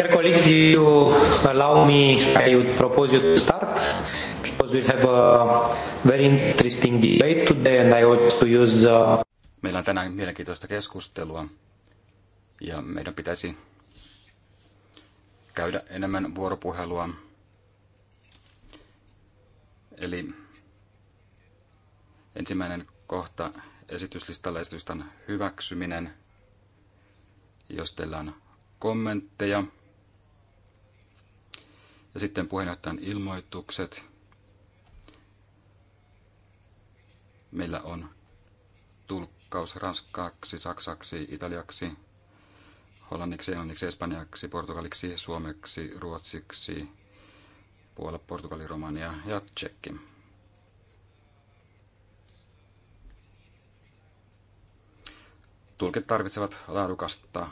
Dear colleagues, you allow me, I would propose you to start because we have a very interesting debate today and I want to use... Uh... Meillä on tänään mielenkiintoista keskustelua ja meidän pitäisi käydä enemmän vuoropuhelua. Eli ensimmäinen kohta esityslistalla esityslistan hyväksyminen. Jos teillä on kommentteja, ja sitten puheenjohtajan ilmoitukset. Meillä on tulkkaus ranskaksi, saksaksi, italiaksi, hollanniksi, englanniksi, espanjaksi, portugaliksi, suomeksi, ruotsiksi, Puola, Portugali, Romania ja Tsekki. Tulkit tarvitsevat laadukasta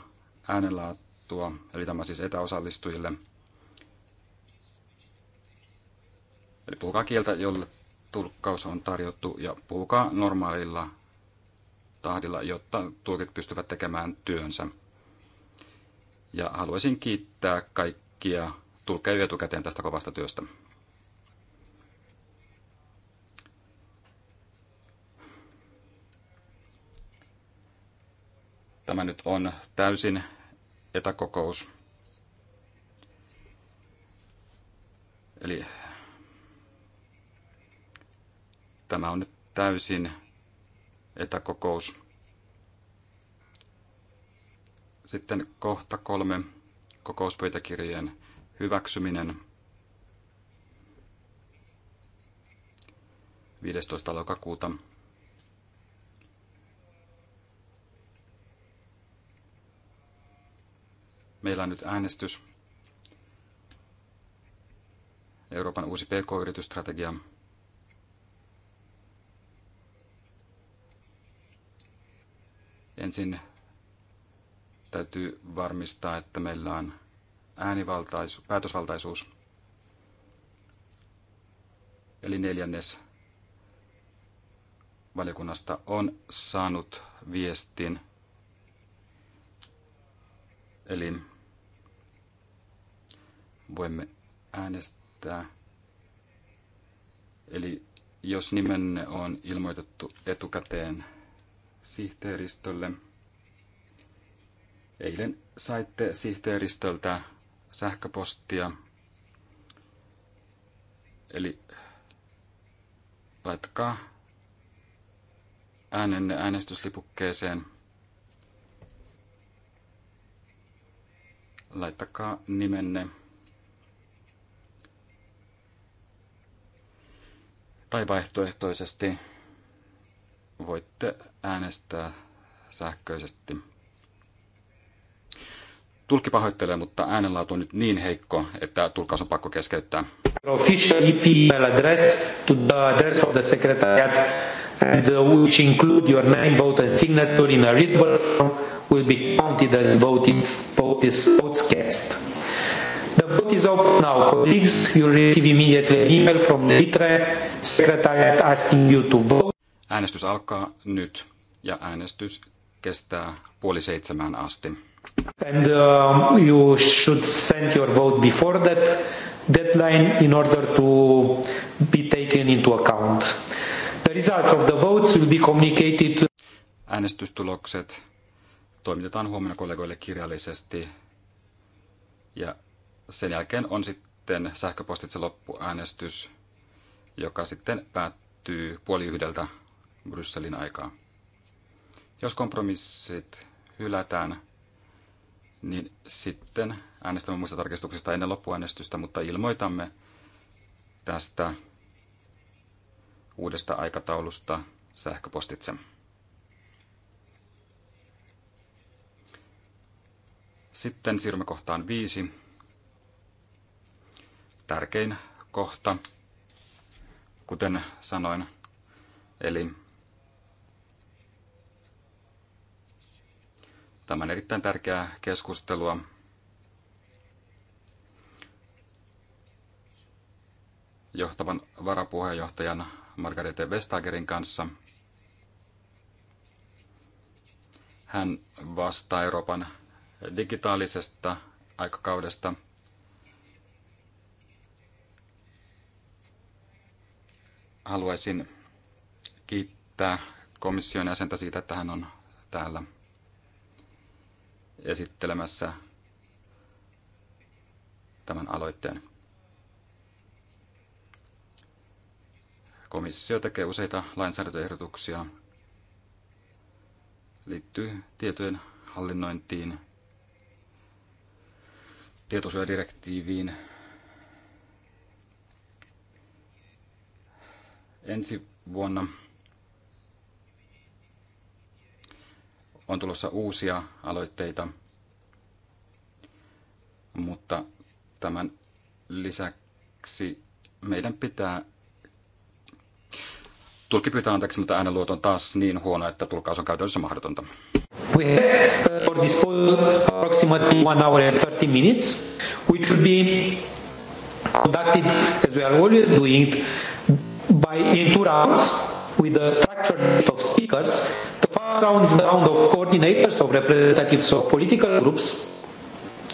äänenlaatua, eli tämä siis etäosallistujille – Eli puhukaa kieltä, jolle tulkkaus on tarjottu ja puhukaa normaalilla tahdilla, jotta tulkit pystyvät tekemään työnsä. Ja haluaisin kiittää kaikkia tulkkeja etukäteen tästä kovasta työstä. Tämä nyt on täysin etäkokous. Eli Tämä on nyt täysin etäkokous. Sitten kohta kolme kokouspöytäkirjeen hyväksyminen 15. lokakuuta. Meillä on nyt äänestys. Euroopan uusi PK-yritysstrategia Ensin täytyy varmistaa, että meillä on äänivaltaisuus, päätösvaltaisuus, eli neljännes valiokunnasta on saanut viestin. Eli voimme äänestää. Eli jos nimenne on ilmoitettu etukäteen, sihteeristölle. Eilen saitte sihteeristöltä sähköpostia, eli laittakaa äänenne äänestyslipukkeeseen. Laittakaa nimenne. Tai vaihtoehtoisesti voitte äänestää sähköisesti. Tulkki pahoittelee, mutta äänenlaatu on nyt niin heikko, että tulkkaus on pakko keskeyttää. Official e email address to the address of the secretariat and uh, which include your name, vote and signature in a readable form will be counted as votes, votes, votes cast. The vote is open now, colleagues. You receive immediately an email from the ITRE secretariat asking you to vote. Äänestys alkaa nyt ja äänestys kestää puoli seitsemään asti. And uh, you should send your vote before that deadline in order to be taken into account. The results of the votes will be communicated. Äänestystulokset toimitetaan huomenna kollegoille kirjallisesti ja sen jälkeen on sitten sähköpostitse loppuäänestys, joka sitten päättyy puoli yhdeltä Brysselin aikaa. Jos kompromissit hylätään, niin sitten äänestämme muista tarkistuksista ennen loppuäänestystä, mutta ilmoitamme tästä uudesta aikataulusta sähköpostitse. Sitten siirrymme kohtaan viisi. Tärkein kohta, kuten sanoin, eli Tämä on erittäin tärkeää keskustelua. johtavan varapuheenjohtajan Margarete Vestagerin kanssa. Hän vastaa Euroopan digitaalisesta aikakaudesta. Haluaisin kiittää komission jäsentä siitä, että hän on täällä esittelemässä tämän aloitteen. Komissio tekee useita lainsäädäntöehdotuksia liittyy tietojen hallinnointiin, tietosuojadirektiiviin. Ensi vuonna on tulossa uusia aloitteita, mutta tämän lisäksi meidän pitää Tulkki pyytää anteeksi, mutta äänenluoto on taas niin huono, että tulkkaus on käytännössä mahdotonta. We have disposal approximately one hour and 30 minutes, which should be conducted, as we are always doing, by in two rounds with a structured list of speakers round is round of coordinators, of representatives of political groups.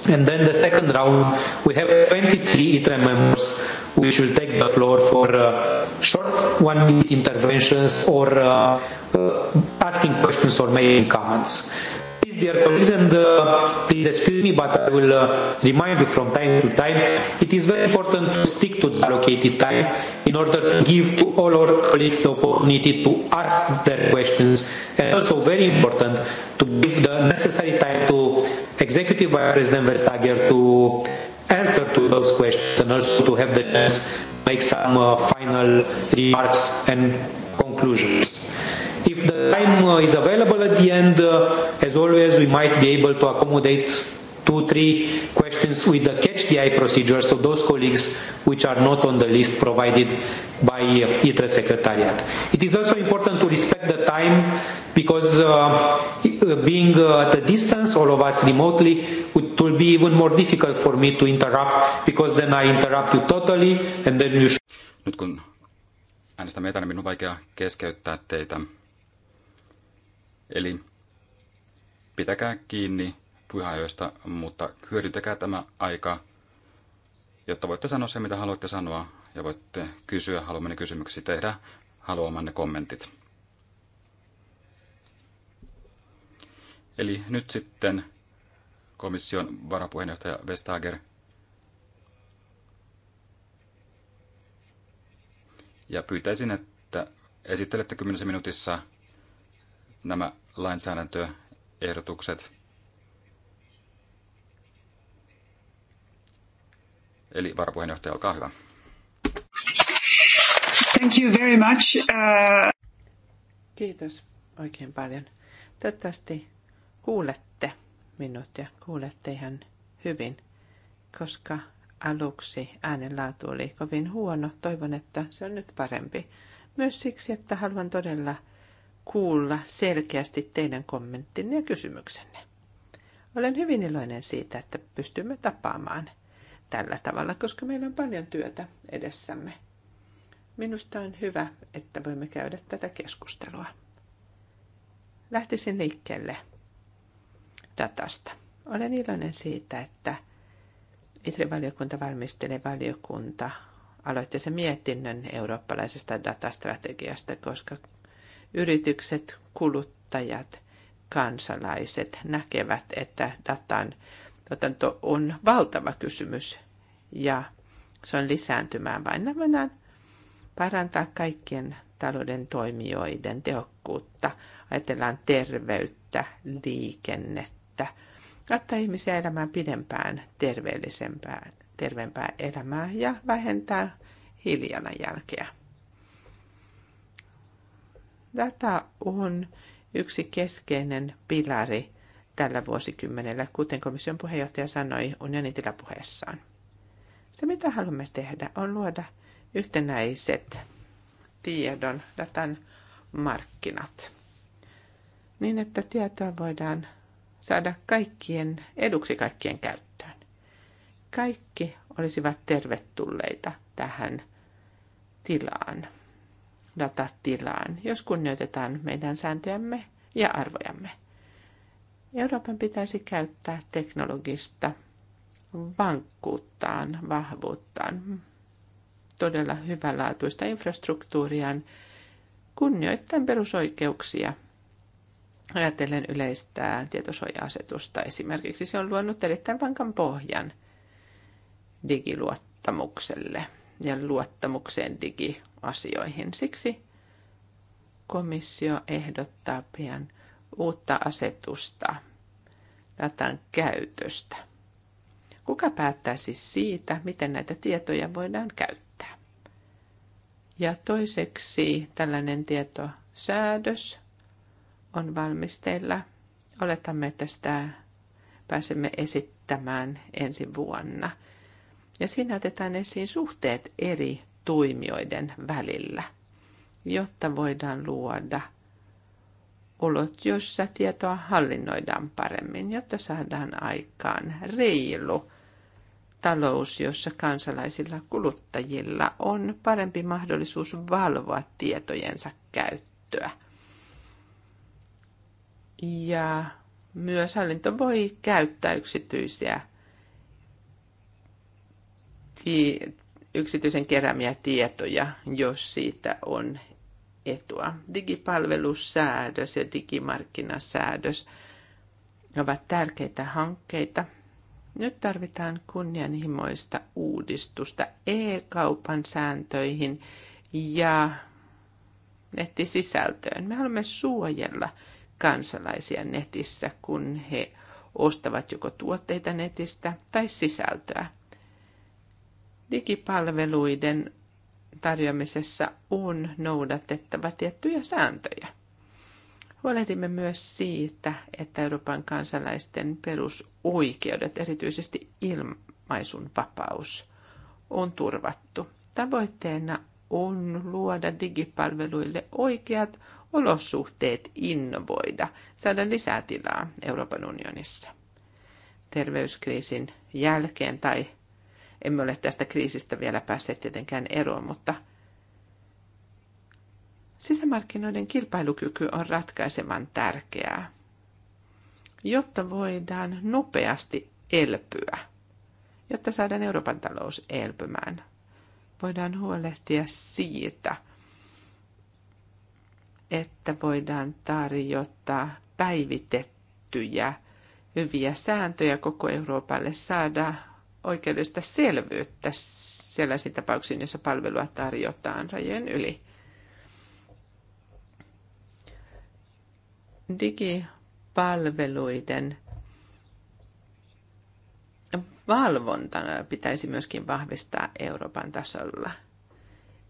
And then the second round, we have 23 ITRE members who will take the floor for uh, short one-minute interventions or uh, uh, asking questions or making comments dear colleagues, and uh, please excuse me, but I will uh, remind you from time to time, it is very important to stick to the allocated time in order to give to all our colleagues the opportunity to ask their questions, and also very important to give the necessary time to Executive Vice President Vestager to answer to those questions and also to have the chance to make some uh, final remarks and conclusions if the time uh, is available at the end, uh, as always, we might be able to accommodate two, three questions with the catch the eye procedure. So those colleagues which are not on the list provided by uh, ITRE Secretariat. It is also important to respect the time because uh, uh, being uh, at a distance, all of us remotely, it will be even more difficult for me to interrupt because then I interrupt you totally and then you... should... Nyt kun äänestämme etänä, minun on vaikea keskeyttää teitä. Eli pitäkää kiinni pyhäajoista, mutta hyödyntäkää tämä aika, jotta voitte sanoa se, mitä haluatte sanoa, ja voitte kysyä haluamanne kysymyksiä, tehdä haluamanne kommentit. Eli nyt sitten komission varapuheenjohtaja Vestager ja pyytäisin, että esittelette 10 minuutissa nämä lainsäädäntöehdotukset. Eli varapuheenjohtaja, olkaa hyvä. Thank you very much. Uh... Kiitos oikein paljon. Toivottavasti kuulette minut ja kuulette ihan hyvin, koska aluksi äänenlaatu oli kovin huono. Toivon, että se on nyt parempi. Myös siksi, että haluan todella – kuulla selkeästi teidän kommenttinne ja kysymyksenne. Olen hyvin iloinen siitä, että pystymme tapaamaan tällä tavalla, koska meillä on paljon työtä edessämme. Minusta on hyvä, että voimme käydä tätä keskustelua. Lähtisin liikkeelle datasta. Olen iloinen siitä, että ITRI-valiokunta valmistelee valiokunta aloitti sen mietinnön eurooppalaisesta datastrategiasta, koska yritykset, kuluttajat, kansalaiset näkevät, että datan tuotanto on valtava kysymys ja se on lisääntymään vain. Nämä parantaa kaikkien talouden toimijoiden tehokkuutta. Ajatellaan terveyttä, liikennettä, ottaa ihmisiä elämään pidempään, terveellisempään, terveempää elämää ja vähentää jälkeä. Data on yksi keskeinen pilari tällä vuosikymmenellä, kuten komission puheenjohtaja sanoi unionin tilapuheessaan. Se, mitä haluamme tehdä, on luoda yhtenäiset tiedon, datan markkinat, niin että tietoa voidaan saada kaikkien eduksi kaikkien käyttöön. Kaikki olisivat tervetulleita tähän tilaan datatilaan, jos kunnioitetaan meidän sääntöjämme ja arvojamme. Euroopan pitäisi käyttää teknologista vankkuuttaan, vahvuuttaan, todella hyvänlaatuista infrastruktuuriaan, kunnioittain perusoikeuksia. Ajatellen yleistää tietosuoja-asetusta esimerkiksi, se on luonut erittäin vankan pohjan digiluottamukselle – ja luottamukseen digiasioihin. Siksi komissio ehdottaa pian uutta asetusta datan käytöstä. Kuka päättää siis siitä, miten näitä tietoja voidaan käyttää? Ja toiseksi tällainen tietosäädös on valmisteilla. Oletamme, että sitä pääsemme esittämään ensi vuonna – ja siinä otetaan esiin suhteet eri toimijoiden välillä, jotta voidaan luoda olot, joissa tietoa hallinnoidaan paremmin, jotta saadaan aikaan reilu talous, jossa kansalaisilla kuluttajilla on parempi mahdollisuus valvoa tietojensa käyttöä. Ja myös hallinto voi käyttää yksityisiä yksityisen keräämiä tietoja, jos siitä on etua. Digipalvelusäädös ja digimarkkinasäädös ovat tärkeitä hankkeita. Nyt tarvitaan kunnianhimoista uudistusta e-kaupan sääntöihin ja nettisisältöön. Me haluamme suojella kansalaisia netissä, kun he ostavat joko tuotteita netistä tai sisältöä digipalveluiden tarjoamisessa on noudatettava tiettyjä sääntöjä. Huolehdimme myös siitä, että Euroopan kansalaisten perusoikeudet, erityisesti ilmaisun vapaus, on turvattu. Tavoitteena on luoda digipalveluille oikeat olosuhteet innovoida, saada lisää tilaa Euroopan unionissa. Terveyskriisin jälkeen tai emme ole tästä kriisistä vielä päässeet tietenkään eroon, mutta sisämarkkinoiden kilpailukyky on ratkaisevan tärkeää, jotta voidaan nopeasti elpyä, jotta saadaan Euroopan talous elpymään. Voidaan huolehtia siitä, että voidaan tarjota päivitettyjä hyviä sääntöjä koko Euroopalle, saada oikeudellista selvyyttä sellaisiin tapauksiin, joissa palvelua tarjotaan rajojen yli. Digipalveluiden valvontana pitäisi myöskin vahvistaa Euroopan tasolla.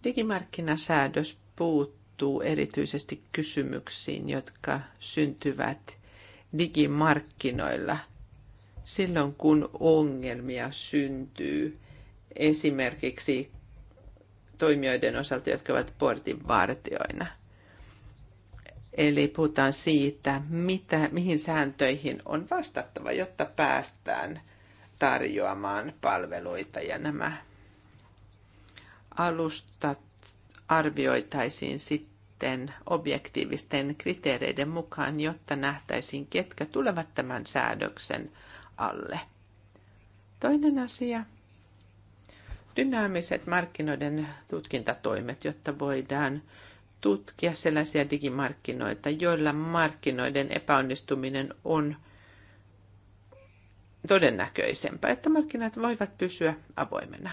Digimarkkinasäädös puuttuu erityisesti kysymyksiin, jotka syntyvät digimarkkinoilla – silloin, kun ongelmia syntyy esimerkiksi toimijoiden osalta, jotka ovat portin vartioina. Eli puhutaan siitä, mitä, mihin sääntöihin on vastattava, jotta päästään tarjoamaan palveluita ja nämä alustat arvioitaisiin sitten objektiivisten kriteereiden mukaan, jotta nähtäisiin, ketkä tulevat tämän säädöksen – alle. Toinen asia, dynaamiset markkinoiden tutkintatoimet, jotta voidaan tutkia sellaisia digimarkkinoita, joilla markkinoiden epäonnistuminen on todennäköisempää, että markkinat voivat pysyä avoimena.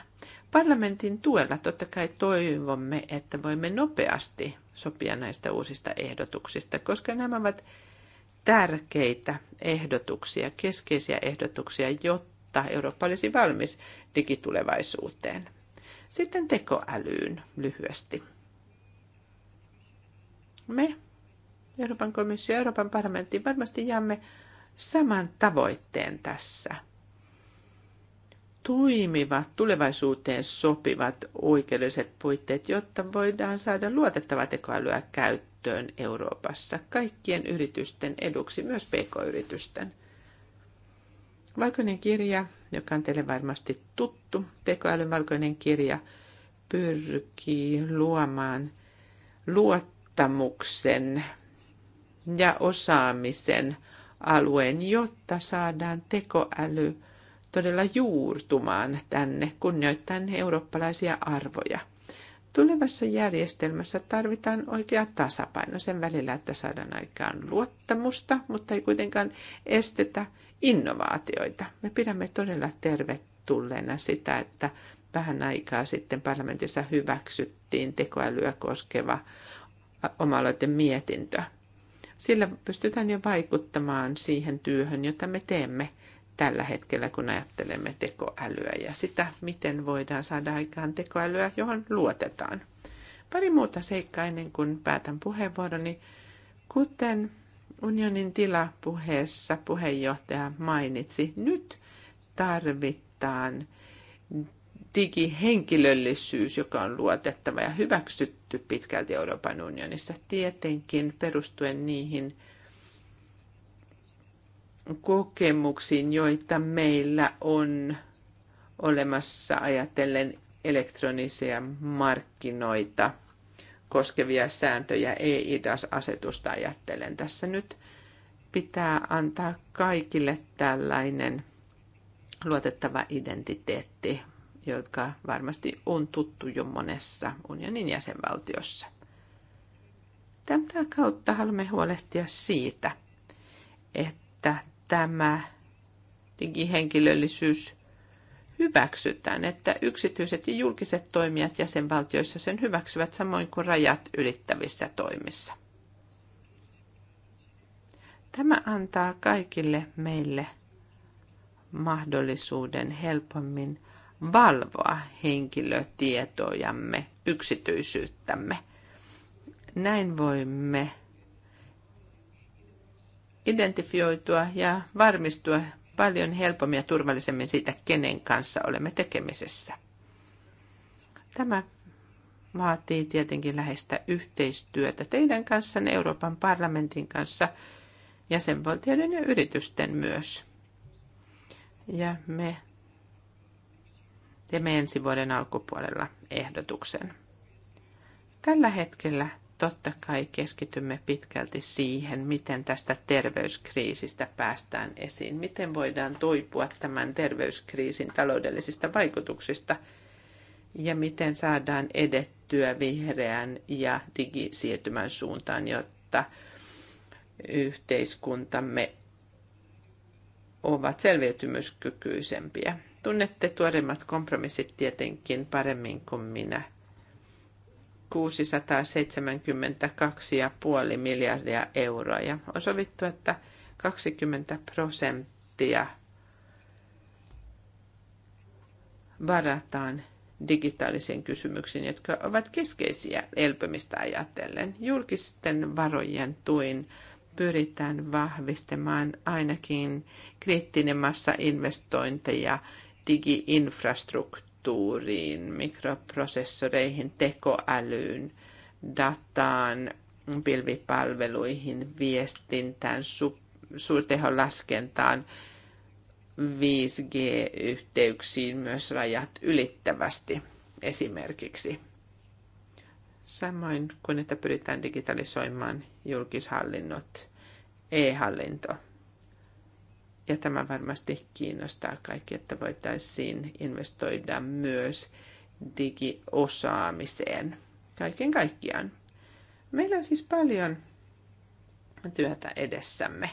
Parlamentin tuella totta kai toivomme, että voimme nopeasti sopia näistä uusista ehdotuksista, koska nämä ovat tärkeitä ehdotuksia, keskeisiä ehdotuksia, jotta Eurooppa olisi valmis digitulevaisuuteen. Sitten tekoälyyn lyhyesti. Me, Euroopan komissio ja Euroopan parlamentti, varmasti jaamme saman tavoitteen tässä. Tuimivat tulevaisuuteen sopivat oikeudelliset puitteet, jotta voidaan saada luotettavaa tekoälyä käyttöön käyttöön Euroopassa kaikkien yritysten eduksi, myös pk-yritysten. Valkoinen kirja, joka on teille varmasti tuttu, tekoälyn valkoinen kirja, pyrkii luomaan luottamuksen ja osaamisen alueen, jotta saadaan tekoäly todella juurtumaan tänne kunnioittain eurooppalaisia arvoja. Tulevassa järjestelmässä tarvitaan oikea tasapaino sen välillä, että saadaan aikaan luottamusta, mutta ei kuitenkaan estetä innovaatioita. Me pidämme todella tervetulleena sitä, että vähän aikaa sitten parlamentissa hyväksyttiin tekoälyä koskeva oma mietintö. Sillä pystytään jo vaikuttamaan siihen työhön, jota me teemme tällä hetkellä, kun ajattelemme tekoälyä ja sitä, miten voidaan saada aikaan tekoälyä, johon luotetaan. Pari muuta seikkaa ennen kuin päätän puheenvuoroni. Kuten unionin tilapuheessa puheenjohtaja mainitsi, nyt tarvitaan digihenkilöllisyys, joka on luotettava ja hyväksytty pitkälti Euroopan unionissa, tietenkin perustuen niihin – kokemuksiin, joita meillä on olemassa ajatellen elektronisia markkinoita koskevia sääntöjä, ei asetusta ajattelen. Tässä nyt pitää antaa kaikille tällainen luotettava identiteetti, joka varmasti on tuttu jo monessa unionin jäsenvaltiossa. Tämän kautta haluamme huolehtia siitä, että tämä digihenkilöllisyys hyväksytään, että yksityiset ja julkiset toimijat jäsenvaltioissa sen hyväksyvät samoin kuin rajat ylittävissä toimissa. Tämä antaa kaikille meille mahdollisuuden helpommin valvoa henkilötietojamme, yksityisyyttämme. Näin voimme identifioitua ja varmistua paljon helpommin ja turvallisemmin siitä, kenen kanssa olemme tekemisessä. Tämä vaatii tietenkin läheistä yhteistyötä teidän kanssa, Euroopan parlamentin kanssa, jäsenvaltioiden ja yritysten myös. Ja me teemme ensi vuoden alkupuolella ehdotuksen. Tällä hetkellä totta kai keskitymme pitkälti siihen, miten tästä terveyskriisistä päästään esiin, miten voidaan toipua tämän terveyskriisin taloudellisista vaikutuksista ja miten saadaan edettyä vihreän ja digisiirtymän suuntaan, jotta yhteiskuntamme ovat selviytymyskykyisempiä. Tunnette tuoremmat kompromissit tietenkin paremmin kuin minä – 672,5 miljardia euroa. Ja on sovittu, että 20 prosenttia varataan digitaalisiin kysymyksiin, jotka ovat keskeisiä elpymistä ajatellen. Julkisten varojen tuin pyritään vahvistamaan ainakin kriittinen massa investointeja digiinfrastruktuuriin kulttuuriin, mikroprosessoreihin, tekoälyyn, dataan, pilvipalveluihin, viestintään, su- suurteholaskentaan, 5G-yhteyksiin myös rajat ylittävästi esimerkiksi. Samoin kuin, että pyritään digitalisoimaan julkishallinnot, e-hallinto – ja tämä varmasti kiinnostaa kaikki, että voitaisiin investoida myös digiosaamiseen kaiken kaikkiaan. Meillä on siis paljon työtä edessämme.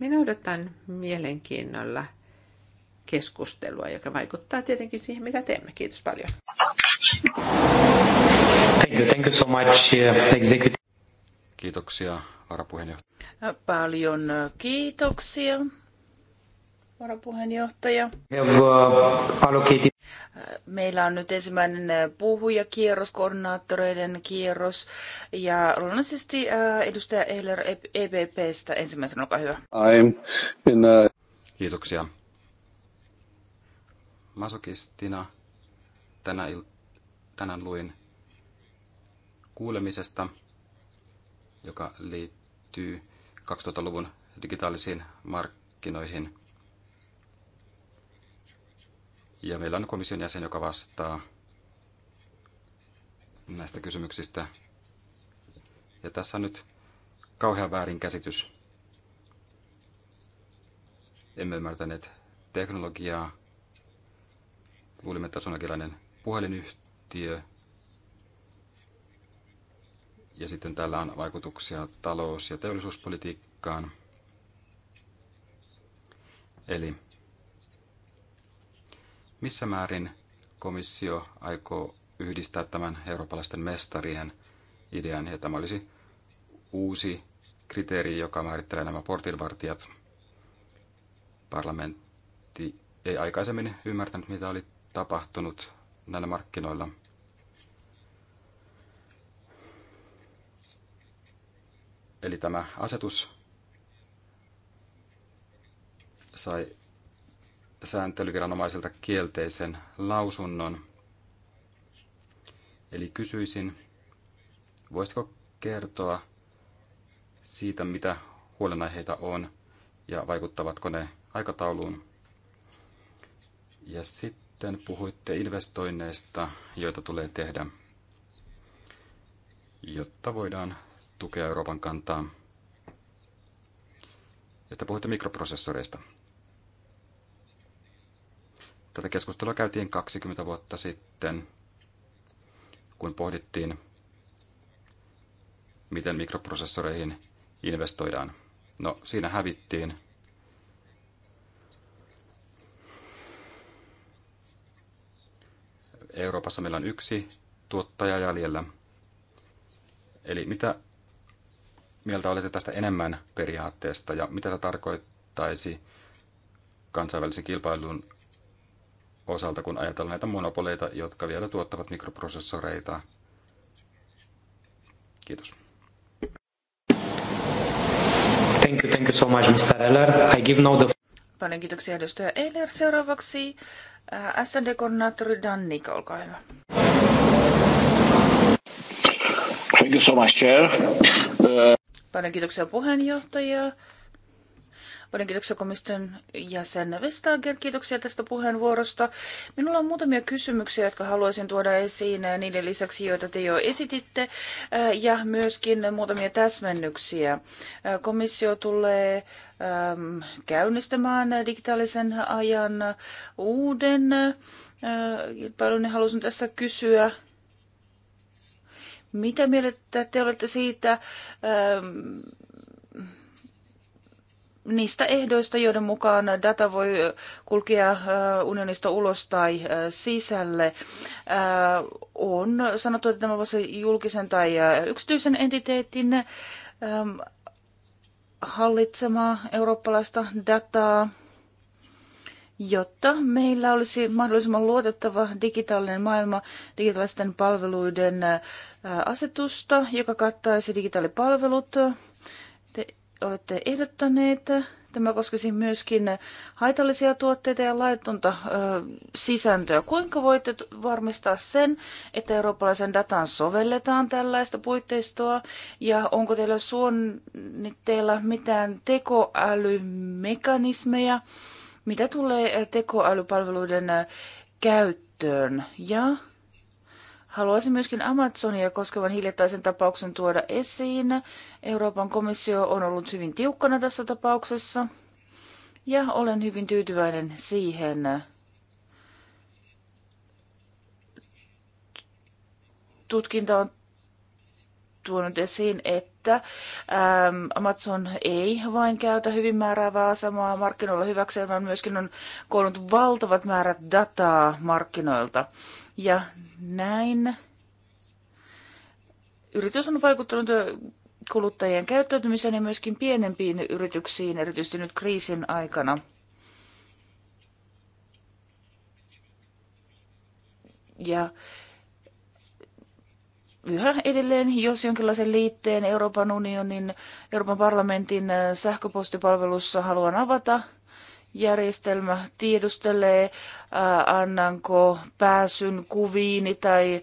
Minä odotan mielenkiinnolla keskustelua, joka vaikuttaa tietenkin siihen, mitä teemme. Kiitos paljon. Thank you, thank you so much, uh, executive. Kiitoksia varapuheenjohtaja. Äh, paljon äh, kiitoksia, varapuheenjohtaja. Meillä on nyt ensimmäinen äh, puhujakierros, koordinaattoreiden kierros. Ja luonnollisesti edustaja Eiler EPPstä e ensimmäisenä, olkaa hyvä. I'm in a... Kiitoksia. Masokistina tänä il- tänään luin kuulemisesta, joka liittyy liittyy 2000-luvun digitaalisiin markkinoihin. Ja meillä on komission jäsen, joka vastaa näistä kysymyksistä. Ja tässä on nyt kauhean väärinkäsitys. Emme ymmärtäneet teknologiaa. Luulimme, että se on puhelinyhtiö, ja sitten täällä on vaikutuksia talous- ja teollisuuspolitiikkaan. Eli missä määrin komissio aikoo yhdistää tämän eurooppalaisten mestarien idean, ja tämä olisi uusi kriteeri, joka määrittelee nämä portinvartijat. Parlamentti ei aikaisemmin ymmärtänyt, mitä oli tapahtunut näillä markkinoilla – Eli tämä asetus sai sääntelyviranomaisilta kielteisen lausunnon. Eli kysyisin, voisitko kertoa siitä, mitä huolenaiheita on ja vaikuttavatko ne aikatauluun? Ja sitten puhuitte investoinneista, joita tulee tehdä, jotta voidaan tukea Euroopan kantaa. Ja sitten puhuitte mikroprosessoreista. Tätä keskustelua käytiin 20 vuotta sitten, kun pohdittiin, miten mikroprosessoreihin investoidaan. No, siinä hävittiin. Euroopassa meillä on yksi tuottaja jäljellä. Eli mitä mieltä olette tästä enemmän periaatteesta ja mitä tämä tarkoittaisi kansainvälisen kilpailun osalta, kun ajatellaan näitä monopoleita, jotka vielä tuottavat mikroprosessoreita? Kiitos. Thank you, thank you so much, Mr. Eller. I give now the... Paljon kiitoksia edustaja Eller. Seuraavaksi äh, SND-koordinaattori Dan Nick, olkaa hyvä. Thank you so much, Chair. Uh... Paljon kiitoksia puheenjohtaja. Paljon kiitoksia komission jäsen Vestager. Kiitoksia tästä puheenvuorosta. Minulla on muutamia kysymyksiä, jotka haluaisin tuoda esiin niiden lisäksi, joita te jo esititte, äh, ja myöskin muutamia täsmennyksiä. Äh, komissio tulee ähm, käynnistämään digitaalisen ajan uuden kilpailun, äh, halusin tässä kysyä mitä mieltä te olette siitä ähm, niistä ehdoista, joiden mukaan data voi kulkea äh, unionista ulos tai äh, sisälle? Äh, on sanottu, että tämä voisi julkisen tai yksityisen entiteetin ähm, hallitsemaa eurooppalaista dataa jotta meillä olisi mahdollisimman luotettava digitaalinen maailma digitaalisten palveluiden äh, asetusta, joka kattaisi digitaalipalvelut. Te olette ehdottaneet, tämä koskisi myöskin haitallisia tuotteita ja laitonta äh, sisältöä. Kuinka voitte varmistaa sen, että eurooppalaisen datan sovelletaan tällaista puitteistoa ja onko teillä suunnitteilla mitään tekoälymekanismeja? Mitä tulee äh, tekoälypalveluiden äh, käyttöön ja Haluaisin myöskin Amazonia koskevan hiljattaisen tapauksen tuoda esiin. Euroopan komissio on ollut hyvin tiukkana tässä tapauksessa ja olen hyvin tyytyväinen siihen tutkinta on tuonut esiin, että äm, Amazon ei vain käytä hyvin määräävää asemaa markkinoilla hyväkseen, vaan myöskin on koonnut valtavat määrät dataa markkinoilta. Ja näin yritys on vaikuttanut kuluttajien käyttäytymiseen ja myöskin pienempiin yrityksiin, erityisesti nyt kriisin aikana. Ja yhä edelleen, jos jonkinlaisen liitteen Euroopan unionin, Euroopan parlamentin äh, sähköpostipalvelussa haluan avata, järjestelmä tiedustelee, äh, annanko pääsyn kuviini tai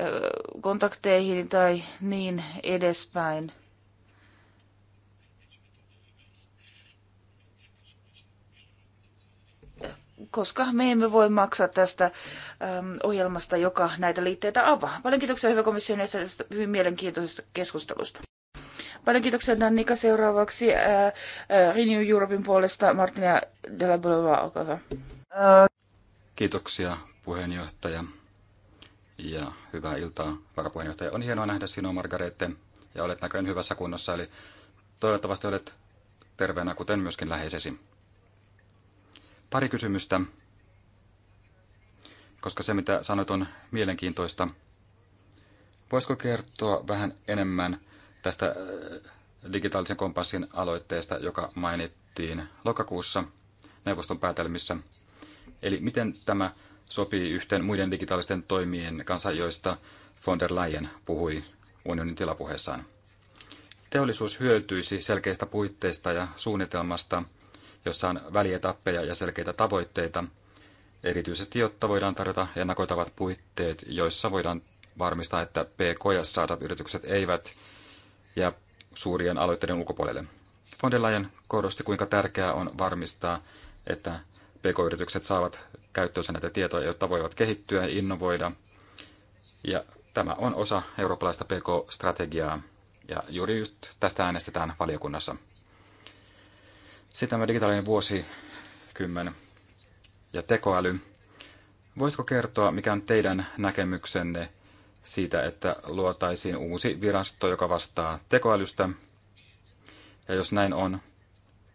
äh, kontakteihin tai niin edespäin. koska me emme voi maksaa tästä äm, ohjelmasta, joka näitä liitteitä avaa. Paljon kiitoksia hyvä komission jäsenestä, tästä hyvin mielenkiintoisesta keskustelusta. Paljon kiitoksia Danika Seuraavaksi ää, äh, ää, äh, Renew Europein puolesta Martina Delabolova, olkaa hyvä. Kiitoksia puheenjohtaja ja hyvää iltaa varapuheenjohtaja. On hienoa nähdä sinua Margarete ja olet näköjään hyvässä kunnossa, eli toivottavasti olet terveenä kuten myöskin läheisesi. Pari kysymystä, koska se mitä sanoit on mielenkiintoista. Voisiko kertoa vähän enemmän tästä äh, digitaalisen kompassin aloitteesta, joka mainittiin lokakuussa neuvoston päätelmissä? Eli miten tämä sopii yhteen muiden digitaalisten toimien kanssa, joista von der Leyen puhui unionin tilapuheessaan? Teollisuus hyötyisi selkeistä puitteista ja suunnitelmasta – jossa on välietappeja ja selkeitä tavoitteita, erityisesti jotta voidaan tarjota ennakoitavat puitteet, joissa voidaan varmistaa, että PK- ja startup-yritykset eivät jää suurien aloitteiden ulkopuolelle. Von der Leyen korosti, kuinka tärkeää on varmistaa, että PK-yritykset saavat käyttöönsä näitä tietoja, jotta voivat kehittyä ja innovoida. Ja tämä on osa eurooppalaista PK-strategiaa, ja juuri just tästä äänestetään valiokunnassa. Sitten tämä digitaalinen vuosikymmen ja tekoäly. Voisiko kertoa, mikä on teidän näkemyksenne siitä, että luotaisiin uusi virasto, joka vastaa tekoälystä? Ja jos näin on,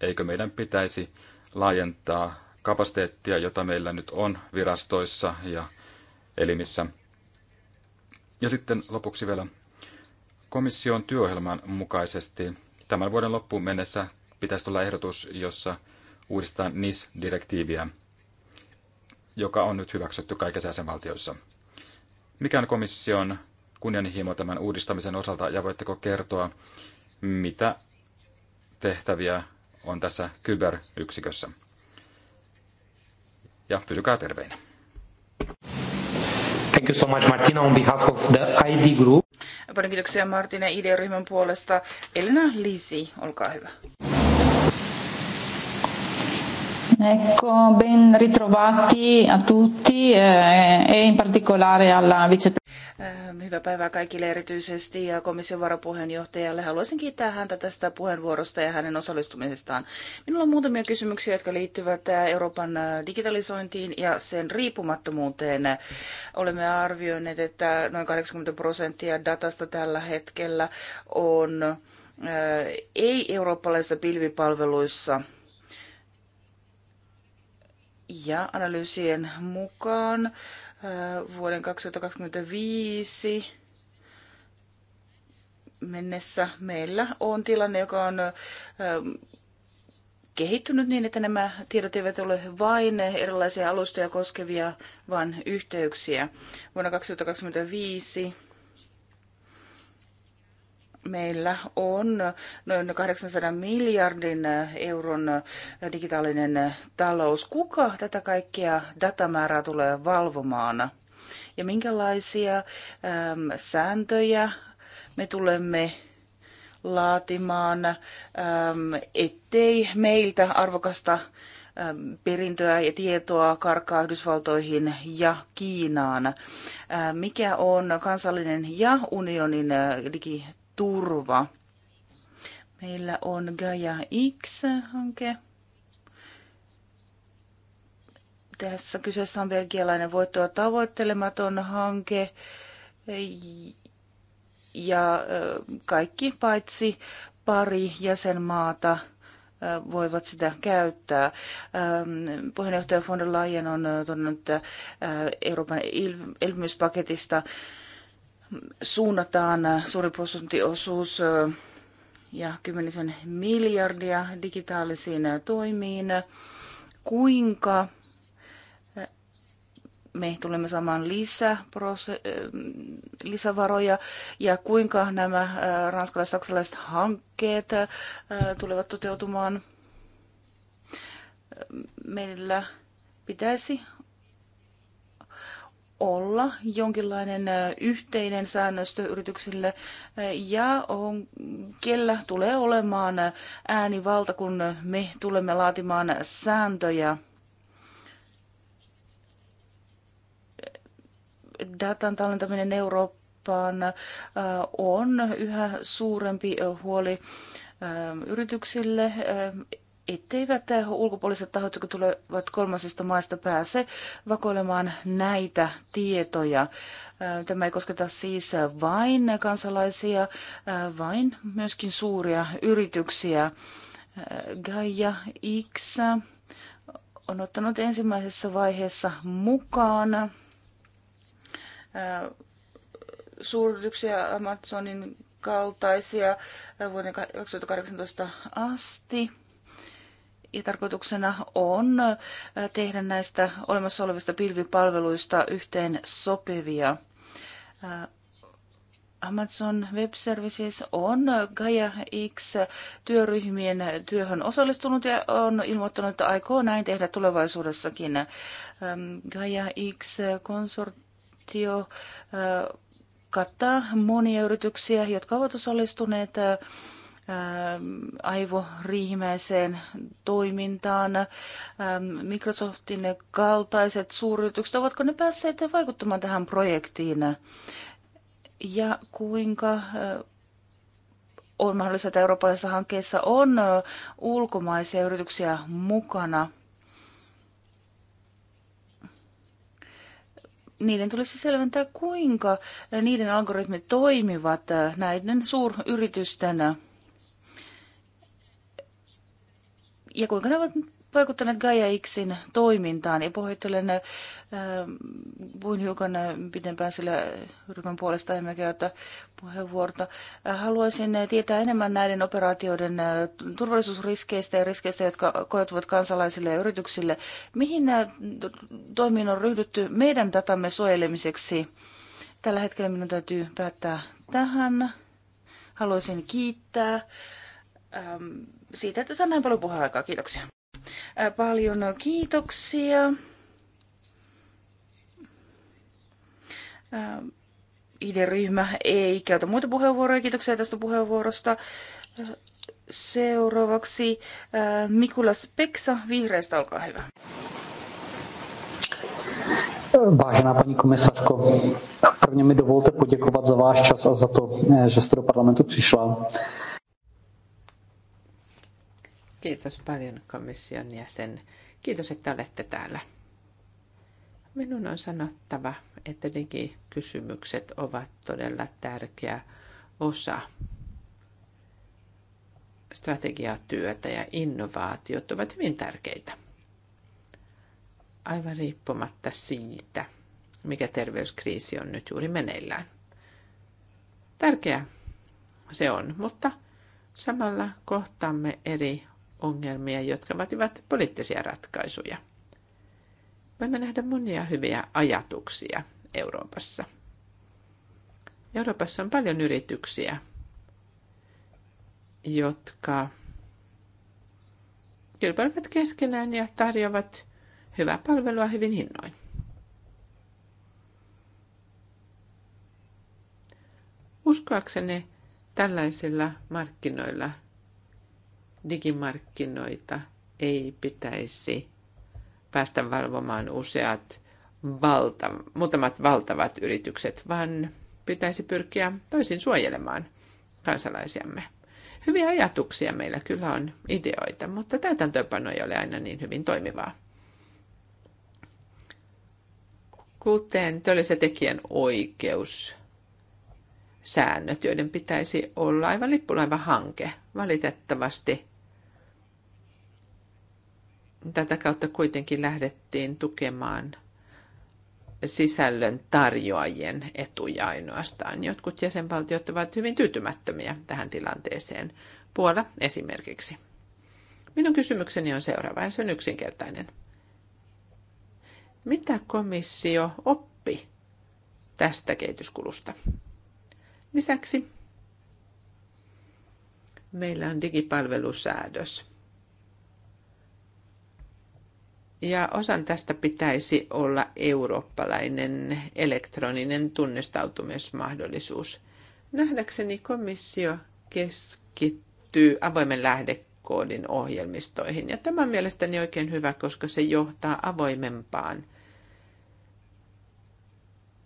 eikö meidän pitäisi laajentaa kapasiteettia, jota meillä nyt on virastoissa ja elimissä? Ja sitten lopuksi vielä komission työohjelman mukaisesti tämän vuoden loppuun mennessä pitäisi tulla ehdotus, jossa uudistetaan NIS-direktiiviä, joka on nyt hyväksytty kaikissa jäsenvaltioissa. Mikä on komission kunnianhimo tämän uudistamisen osalta ja voitteko kertoa, mitä tehtäviä on tässä kyberyksikössä? Ja pysykää terveinä. Thank you so much Martina on behalf of the ID Group. Paljon kiitoksia Martina ID-ryhmän puolesta. Elina Lisi, olkaa hyvä. Ecco, ben ritrovati a tutti eh, e in particolare alla vicepresidente. Eh, hyvää päivää kaikille erityisesti ja komission varapuheenjohtajalle. Haluaisin kiittää häntä tästä puheenvuorosta ja hänen osallistumisestaan. Minulla on muutamia kysymyksiä, jotka liittyvät eh, Euroopan digitalisointiin ja sen riippumattomuuteen. Olemme arvioineet, että noin 80 prosenttia datasta tällä hetkellä on ei-eurooppalaisissa pilvipalveluissa – ja analyysien mukaan vuoden 2025 mennessä meillä on tilanne, joka on kehittynyt niin, että nämä tiedot eivät ole vain erilaisia alustoja koskevia, vaan yhteyksiä. Vuonna 2025 meillä on noin 800 miljardin euron digitaalinen talous. Kuka tätä kaikkea datamäärää tulee valvomaan? Ja minkälaisia äm, sääntöjä me tulemme laatimaan, äm, ettei meiltä arvokasta ähm, perintöä ja tietoa karkaa Yhdysvaltoihin ja Kiinaan. Äh, mikä on kansallinen ja unionin äh, digi- turva. Meillä on Gaia X-hanke. Tässä kyseessä on belgialainen voittoa tavoittelematon hanke. Ja kaikki paitsi pari jäsenmaata voivat sitä käyttää. Puheenjohtaja von der Leyen on todennut, että Euroopan elpymispaketista suunnataan äh, suuri prosenttiosuus äh, ja kymmenisen miljardia digitaalisiin äh, toimiin. Kuinka me tulemme saamaan lisä, lisävaroja ja kuinka nämä ranskalais-saksalaiset hankkeet tulevat toteutumaan. Meillä pitäisi olla jonkinlainen yhteinen säännöstö yrityksille ja on, kellä tulee olemaan äänivalta, kun me tulemme laatimaan sääntöjä datan tallentaminen Eurooppaan on yhä suurempi huoli yrityksille etteivät ulkopuoliset tahot, jotka tulevat kolmasista maista, pääse vakoilemaan näitä tietoja. Tämä ei kosketa siis vain kansalaisia, vain myöskin suuria yrityksiä. Gaia X on ottanut ensimmäisessä vaiheessa mukaan suuryrityksiä Amazonin kaltaisia vuoden 2018 asti ja tarkoituksena on äh, tehdä näistä olemassa olevista pilvipalveluista yhteen sopivia. Äh, Amazon Web Services on Gaia X työryhmien työhön osallistunut ja on ilmoittanut, että aikoo näin tehdä tulevaisuudessakin. Ähm, Gaia X konsortio äh, kattaa monia yrityksiä, jotka ovat osallistuneet Ähm, aivoriihimäiseen toimintaan. Ähm, Microsoftin kaltaiset suuryritykset, ovatko ne päässeet vaikuttamaan tähän projektiin? Ja kuinka äh, on mahdollista, että eurooppalaisissa hankkeissa on äh, ulkomaisia yrityksiä mukana? niiden tulisi selventää, kuinka niiden algoritmit toimivat äh, näiden suuryritysten ja kuinka ne ovat vaikuttaneet Gaia Xin toimintaan. Ja pohjoittelen, äh, puhuin hiukan äh, pidempään sillä ryhmän puolesta, emme käytä puheenvuorta. Äh, haluaisin äh, tietää enemmän näiden operaatioiden turvallisuusriskeistä ja riskeistä, jotka koituvat kansalaisille ja yrityksille. Mihin toimiin on ryhdytty meidän datamme suojelemiseksi? Tällä hetkellä minun täytyy päättää tähän. Haluaisin kiittää. Ähm, siitä, että saan näin paljon aikaa. Kiitoksia. Ää, Paljon kiitoksia. ID-ryhmä ei käytä muita puheenvuoroja. Kiitoksia tästä puheenvuorosta. Seuraavaksi ää, Mikulas Peksa Vihreistä, olkaa hyvä. Vážená paní komisařko, prvně mi dovolte poděkovat za váš čas a za to, eh, že jste do parlamentu přišla. Kiitos paljon komission jäsen. Kiitos, että olette täällä. Minun on sanottava, että digikysymykset ovat todella tärkeä osa strategiatyötä ja innovaatiot ovat hyvin tärkeitä. Aivan riippumatta siitä, mikä terveyskriisi on nyt juuri meneillään. Tärkeä se on, mutta samalla kohtaamme eri ongelmia, jotka vaativat poliittisia ratkaisuja. Voimme nähdä monia hyviä ajatuksia Euroopassa. Euroopassa on paljon yrityksiä, jotka kilpailevat keskenään ja tarjoavat hyvää palvelua hyvin hinnoin. Uskoakseni tällaisilla markkinoilla – digimarkkinoita ei pitäisi päästä valvomaan useat valta, muutamat valtavat yritykset, vaan pitäisi pyrkiä toisin suojelemaan kansalaisiamme. Hyviä ajatuksia meillä kyllä on, ideoita, mutta täytäntöönpano ei ole aina niin hyvin toimivaa. Kuten teollisen tekijän oikeus säännöt, joiden pitäisi olla aivan lippulaiva hanke. Valitettavasti tätä kautta kuitenkin lähdettiin tukemaan sisällön tarjoajien etuja ainoastaan. Jotkut jäsenvaltiot ovat hyvin tyytymättömiä tähän tilanteeseen. Puola esimerkiksi. Minun kysymykseni on seuraava ja se on yksinkertainen. Mitä komissio oppi tästä kehityskulusta? Lisäksi meillä on digipalvelusäädös – Ja osan tästä pitäisi olla eurooppalainen elektroninen tunnistautumismahdollisuus. Nähdäkseni komissio keskittyy avoimen lähdekoodin ohjelmistoihin. Ja tämä on mielestäni oikein hyvä, koska se johtaa avoimempaan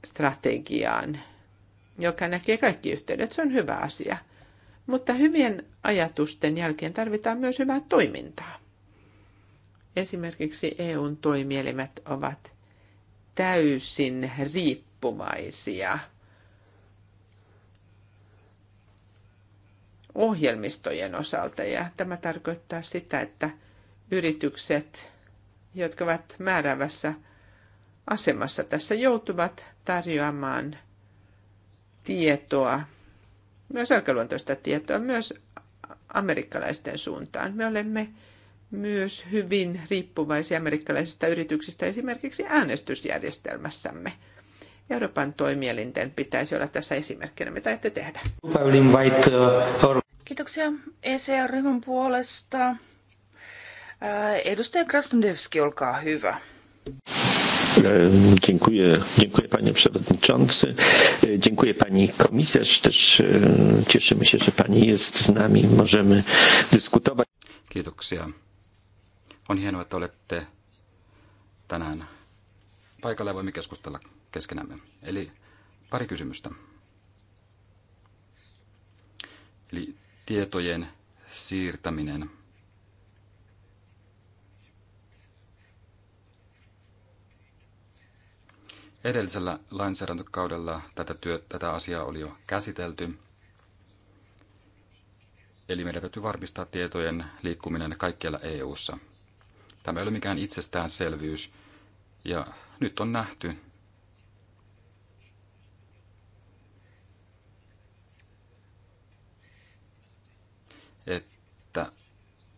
strategiaan, joka näkee kaikki yhteydet. Se on hyvä asia. Mutta hyvien ajatusten jälkeen tarvitaan myös hyvää toimintaa. Esimerkiksi EUn toimielimet ovat täysin riippumaisia ohjelmistojen osalta. Ja tämä tarkoittaa sitä, että yritykset, jotka ovat määrävässä asemassa tässä, joutuvat tarjoamaan tietoa, myös arkaluontoista tietoa, myös amerikkalaisten suuntaan. Me olemme myös hyvin riippuvaisia amerikkalaisista yrityksistä esimerkiksi äänestysjärjestelmässämme. Euroopan toimielinten pitäisi olla tässä esimerkkinä, mitä ette tehdä. Uh, Kiitoksia ECR-ryhmän puolesta. Äh, edustaja Krasnodevski, olkaa hyvä. Dziękuję, dziękuję panie przewodniczący, e, dziękuję pani komisarz, też e, cieszymy się, że pani jest z nami, możemy dyskutować. Kiitoksia on hienoa, että olette tänään paikalla ja voimme keskustella keskenämme. Eli pari kysymystä. Eli tietojen siirtäminen. Edellisellä lainsäädäntökaudella tätä, työ, tätä asiaa oli jo käsitelty. Eli meidän täytyy varmistaa tietojen liikkuminen kaikkialla EU:ssa. ssa Tämä ei ole mikään itsestäänselvyys. Ja nyt on nähty, että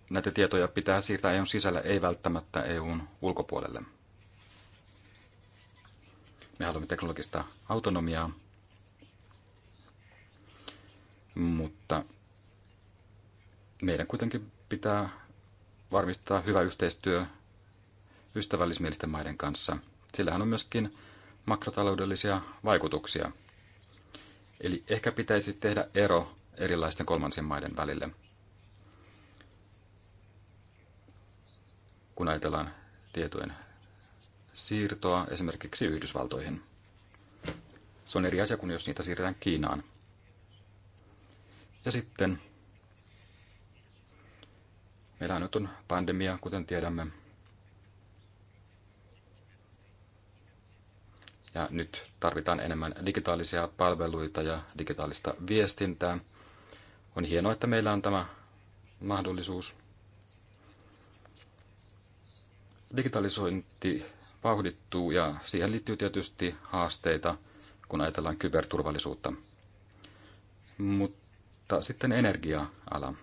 näitä tietoja pitää siirtää EUn sisällä, ei välttämättä EUn ulkopuolelle. Me haluamme teknologista autonomiaa, mutta meidän kuitenkin pitää varmistaa hyvä yhteistyö ystävällismielisten maiden kanssa. Sillähän on myöskin makrotaloudellisia vaikutuksia. Eli ehkä pitäisi tehdä ero erilaisten kolmansien maiden välille. Kun ajatellaan tietojen siirtoa esimerkiksi Yhdysvaltoihin. Se on eri asia kuin jos niitä siirretään Kiinaan. Ja sitten Meillä nyt on pandemia, kuten tiedämme. Ja nyt tarvitaan enemmän digitaalisia palveluita ja digitaalista viestintää. On hienoa, että meillä on tämä mahdollisuus. Digitalisointi vauhdittuu ja siihen liittyy tietysti haasteita, kun ajatellaan kyberturvallisuutta. Mutta sitten energia-ala.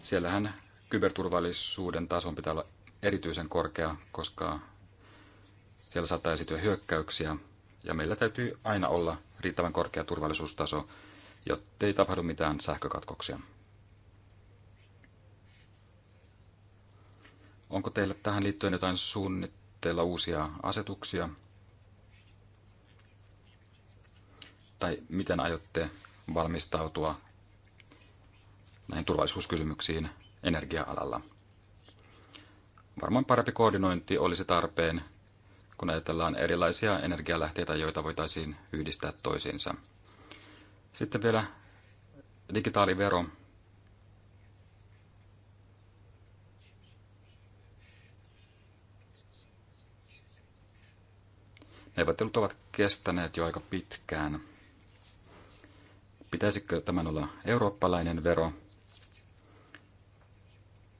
Siellähän kyberturvallisuuden tason pitää olla erityisen korkea, koska siellä saattaa esityä hyökkäyksiä ja meillä täytyy aina olla riittävän korkea turvallisuustaso, jotta ei tapahdu mitään sähkökatkoksia. Onko teillä tähän liittyen jotain suunnitteilla uusia asetuksia? Tai miten aiotte valmistautua näihin turvallisuuskysymyksiin energia-alalla. Varmaan parempi koordinointi olisi tarpeen, kun ajatellaan erilaisia energialähteitä, joita voitaisiin yhdistää toisiinsa. Sitten vielä digitaalivero. Neuvottelut ovat kestäneet jo aika pitkään. Pitäisikö tämän olla eurooppalainen vero?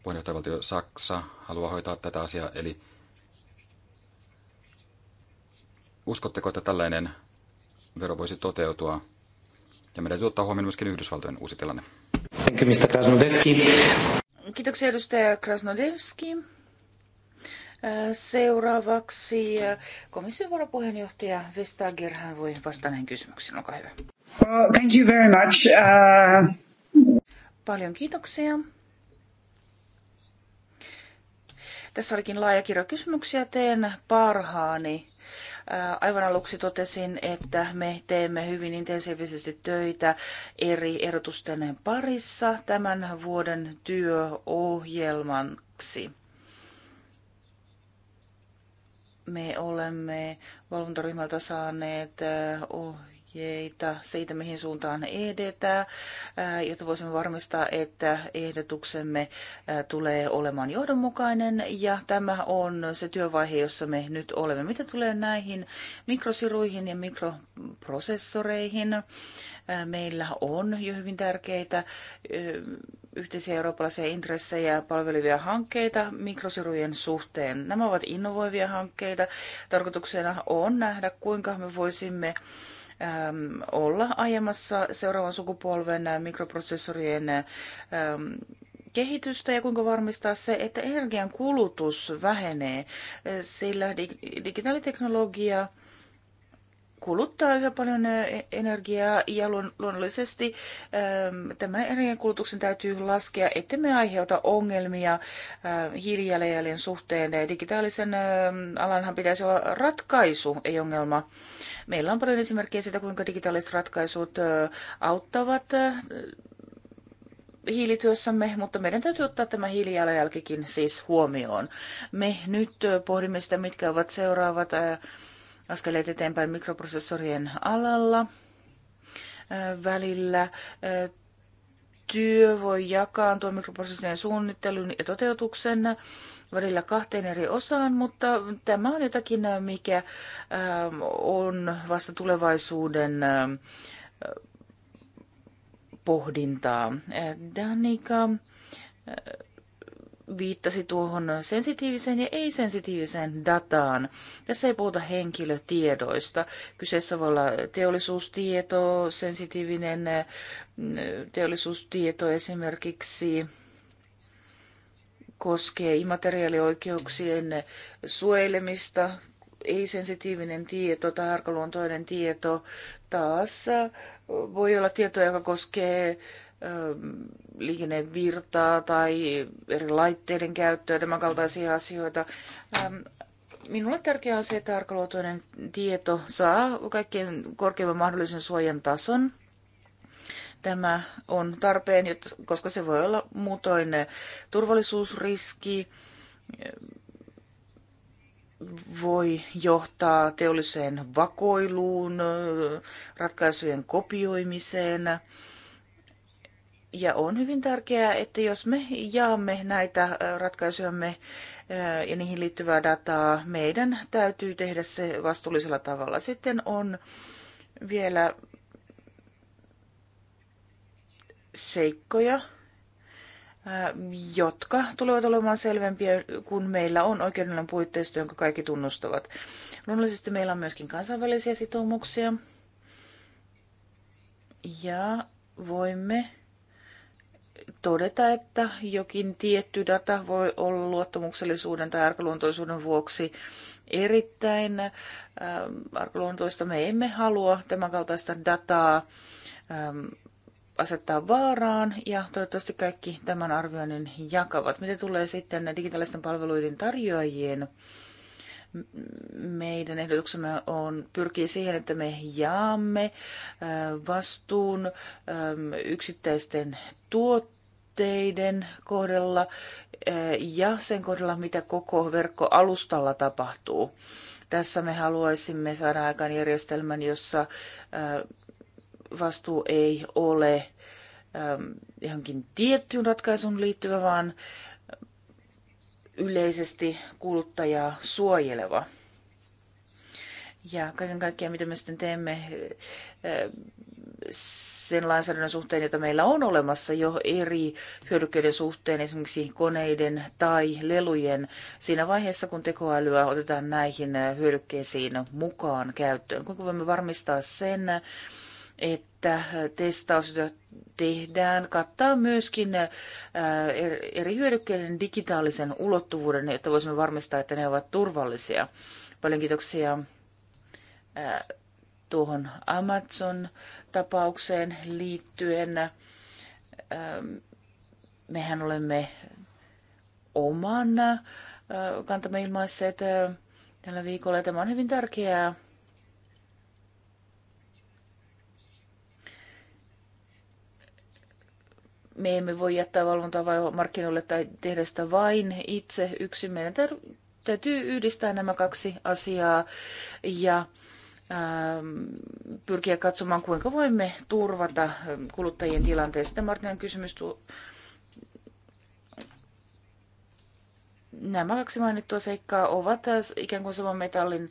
puheenjohtajavaltio Saksa haluaa hoitaa tätä asiaa, eli uskotteko, että tällainen vero voisi toteutua? Ja meidän täytyy ottaa huomioon myöskin Yhdysvaltojen uusi tilanne. Kiitoksia edustaja Krasnodevski. Seuraavaksi komission varapuheenjohtaja Vestager, hän voi vastata näihin kysymyksiin, olkaa hyvä. Well, thank you very much. Uh... Paljon kiitoksia. Tässä olikin laaja kirjo kysymyksiä. Teen parhaani. Aivan aluksi totesin, että me teemme hyvin intensiivisesti töitä eri erotusten parissa tämän vuoden työohjelmaksi. Me olemme valvontaryhmältä saaneet ohjelmaa ohjeita siitä, mihin suuntaan edetään, jotta voisimme varmistaa, että ehdotuksemme tulee olemaan johdonmukainen. Ja tämä on se työvaihe, jossa me nyt olemme. Mitä tulee näihin mikrosiruihin ja mikroprosessoreihin? Meillä on jo hyvin tärkeitä yhteisiä eurooppalaisia intressejä palvelevia hankkeita mikrosirujen suhteen. Nämä ovat innovoivia hankkeita. Tarkoituksena on nähdä, kuinka me voisimme Ähm, olla ajamassa seuraavan sukupolven äh, mikroprosessorien äm, kehitystä ja kuinka varmistaa se, että energian kulutus vähenee, äh, sillä digitaaliteknologia – kuluttaa yhä paljon e-, energiaa ja luonnollisesti ähm, tämän energiankulutuksen täytyy laskea, että me aiheuta ongelmia äh, hiilijalanjäljen suhteen. Digitaalisen ähm, alanhan pitäisi olla ratkaisu, ei ongelma. Meillä on paljon esimerkkejä siitä, kuinka digitaaliset ratkaisut auttavat hiilityössämme, mutta meidän täytyy ottaa tämä hiilijalanjälkikin siis huomioon. Me nyt pohdimme sitä, mitkä ovat seuraavat askeleet eteenpäin mikroprosessorien alalla. Välillä työ voi jakaa mikroprosessien suunnittelun ja toteutuksen välillä kahteen eri osaan, mutta tämä on jotakin, mikä on vasta tulevaisuuden pohdintaa. Danika, viittasi tuohon sensitiiviseen ja ei-sensitiiviseen dataan. Tässä ei puhuta henkilötiedoista. Kyseessä voi olla teollisuustieto, sensitiivinen äh, teollisuustieto esimerkiksi koskee immateriaalioikeuksien suojelemista, ei-sensitiivinen tieto tai arkaluontoinen tieto taas äh, voi olla tietoja joka koskee liikennevirtaa tai eri laitteiden käyttöä, tämän kaltaisia asioita. Minulle tärkeää on se, että arkaluotoinen tieto saa kaikkein korkeimman mahdollisen suojan tason. Tämä on tarpeen, koska se voi olla muutoin turvallisuusriski, voi johtaa teolliseen vakoiluun, ratkaisujen kopioimiseen – ja on hyvin tärkeää, että jos me jaamme näitä ratkaisujamme ja niihin liittyvää dataa, meidän täytyy tehdä se vastuullisella tavalla. Sitten on vielä seikkoja, jotka tulevat olemaan selvempiä, kun meillä on oikeudellinen puitteisto, jonka kaikki tunnustavat. Luonnollisesti meillä on myöskin kansainvälisiä sitoumuksia ja voimme todeta, että jokin tietty data voi olla luottamuksellisuuden tai arkaluontoisuuden vuoksi erittäin ähm, arkaluontoista. Me emme halua tämän kaltaista dataa ähm, asettaa vaaraan ja toivottavasti kaikki tämän arvioinnin jakavat. Mitä tulee sitten digitaalisten palveluiden tarjoajien meidän ehdotuksemme on pyrkii siihen, että me jaamme vastuun yksittäisten tuotteiden kohdalla ja sen kohdalla, mitä koko verkkoalustalla tapahtuu. Tässä me haluaisimme saada aikaan järjestelmän, jossa vastuu ei ole johonkin tiettyyn ratkaisuun liittyvä, vaan yleisesti kuluttajaa suojeleva. Ja kaiken kaikkiaan, mitä me sitten teemme eh, sen lainsäädännön suhteen, jota meillä on olemassa jo eri hyödykkeiden suhteen, esimerkiksi koneiden tai lelujen, siinä vaiheessa, kun tekoälyä otetaan näihin eh, hyödykkeisiin mukaan käyttöön. Kuinka voimme varmistaa sen, että testaus, tehdään, kattaa myöskin äh, er, eri hyödykkeiden digitaalisen ulottuvuuden, jotta voisimme varmistaa, että ne ovat turvallisia. Paljon kiitoksia äh, tuohon Amazon-tapaukseen liittyen. Ähm, mehän olemme oman äh, kantamme ilmaisseet tällä viikolla. Tämä on hyvin tärkeää me emme voi jättää valvontaa vai markkinoille tai tehdä sitä vain itse yksin. Meidän täytyy yhdistää nämä kaksi asiaa ja ähm, pyrkiä katsomaan, kuinka voimme turvata kuluttajien tilanteen. Sitten Martinan kysymys Nämä kaksi mainittua seikkaa ovat ikään kuin saman metallin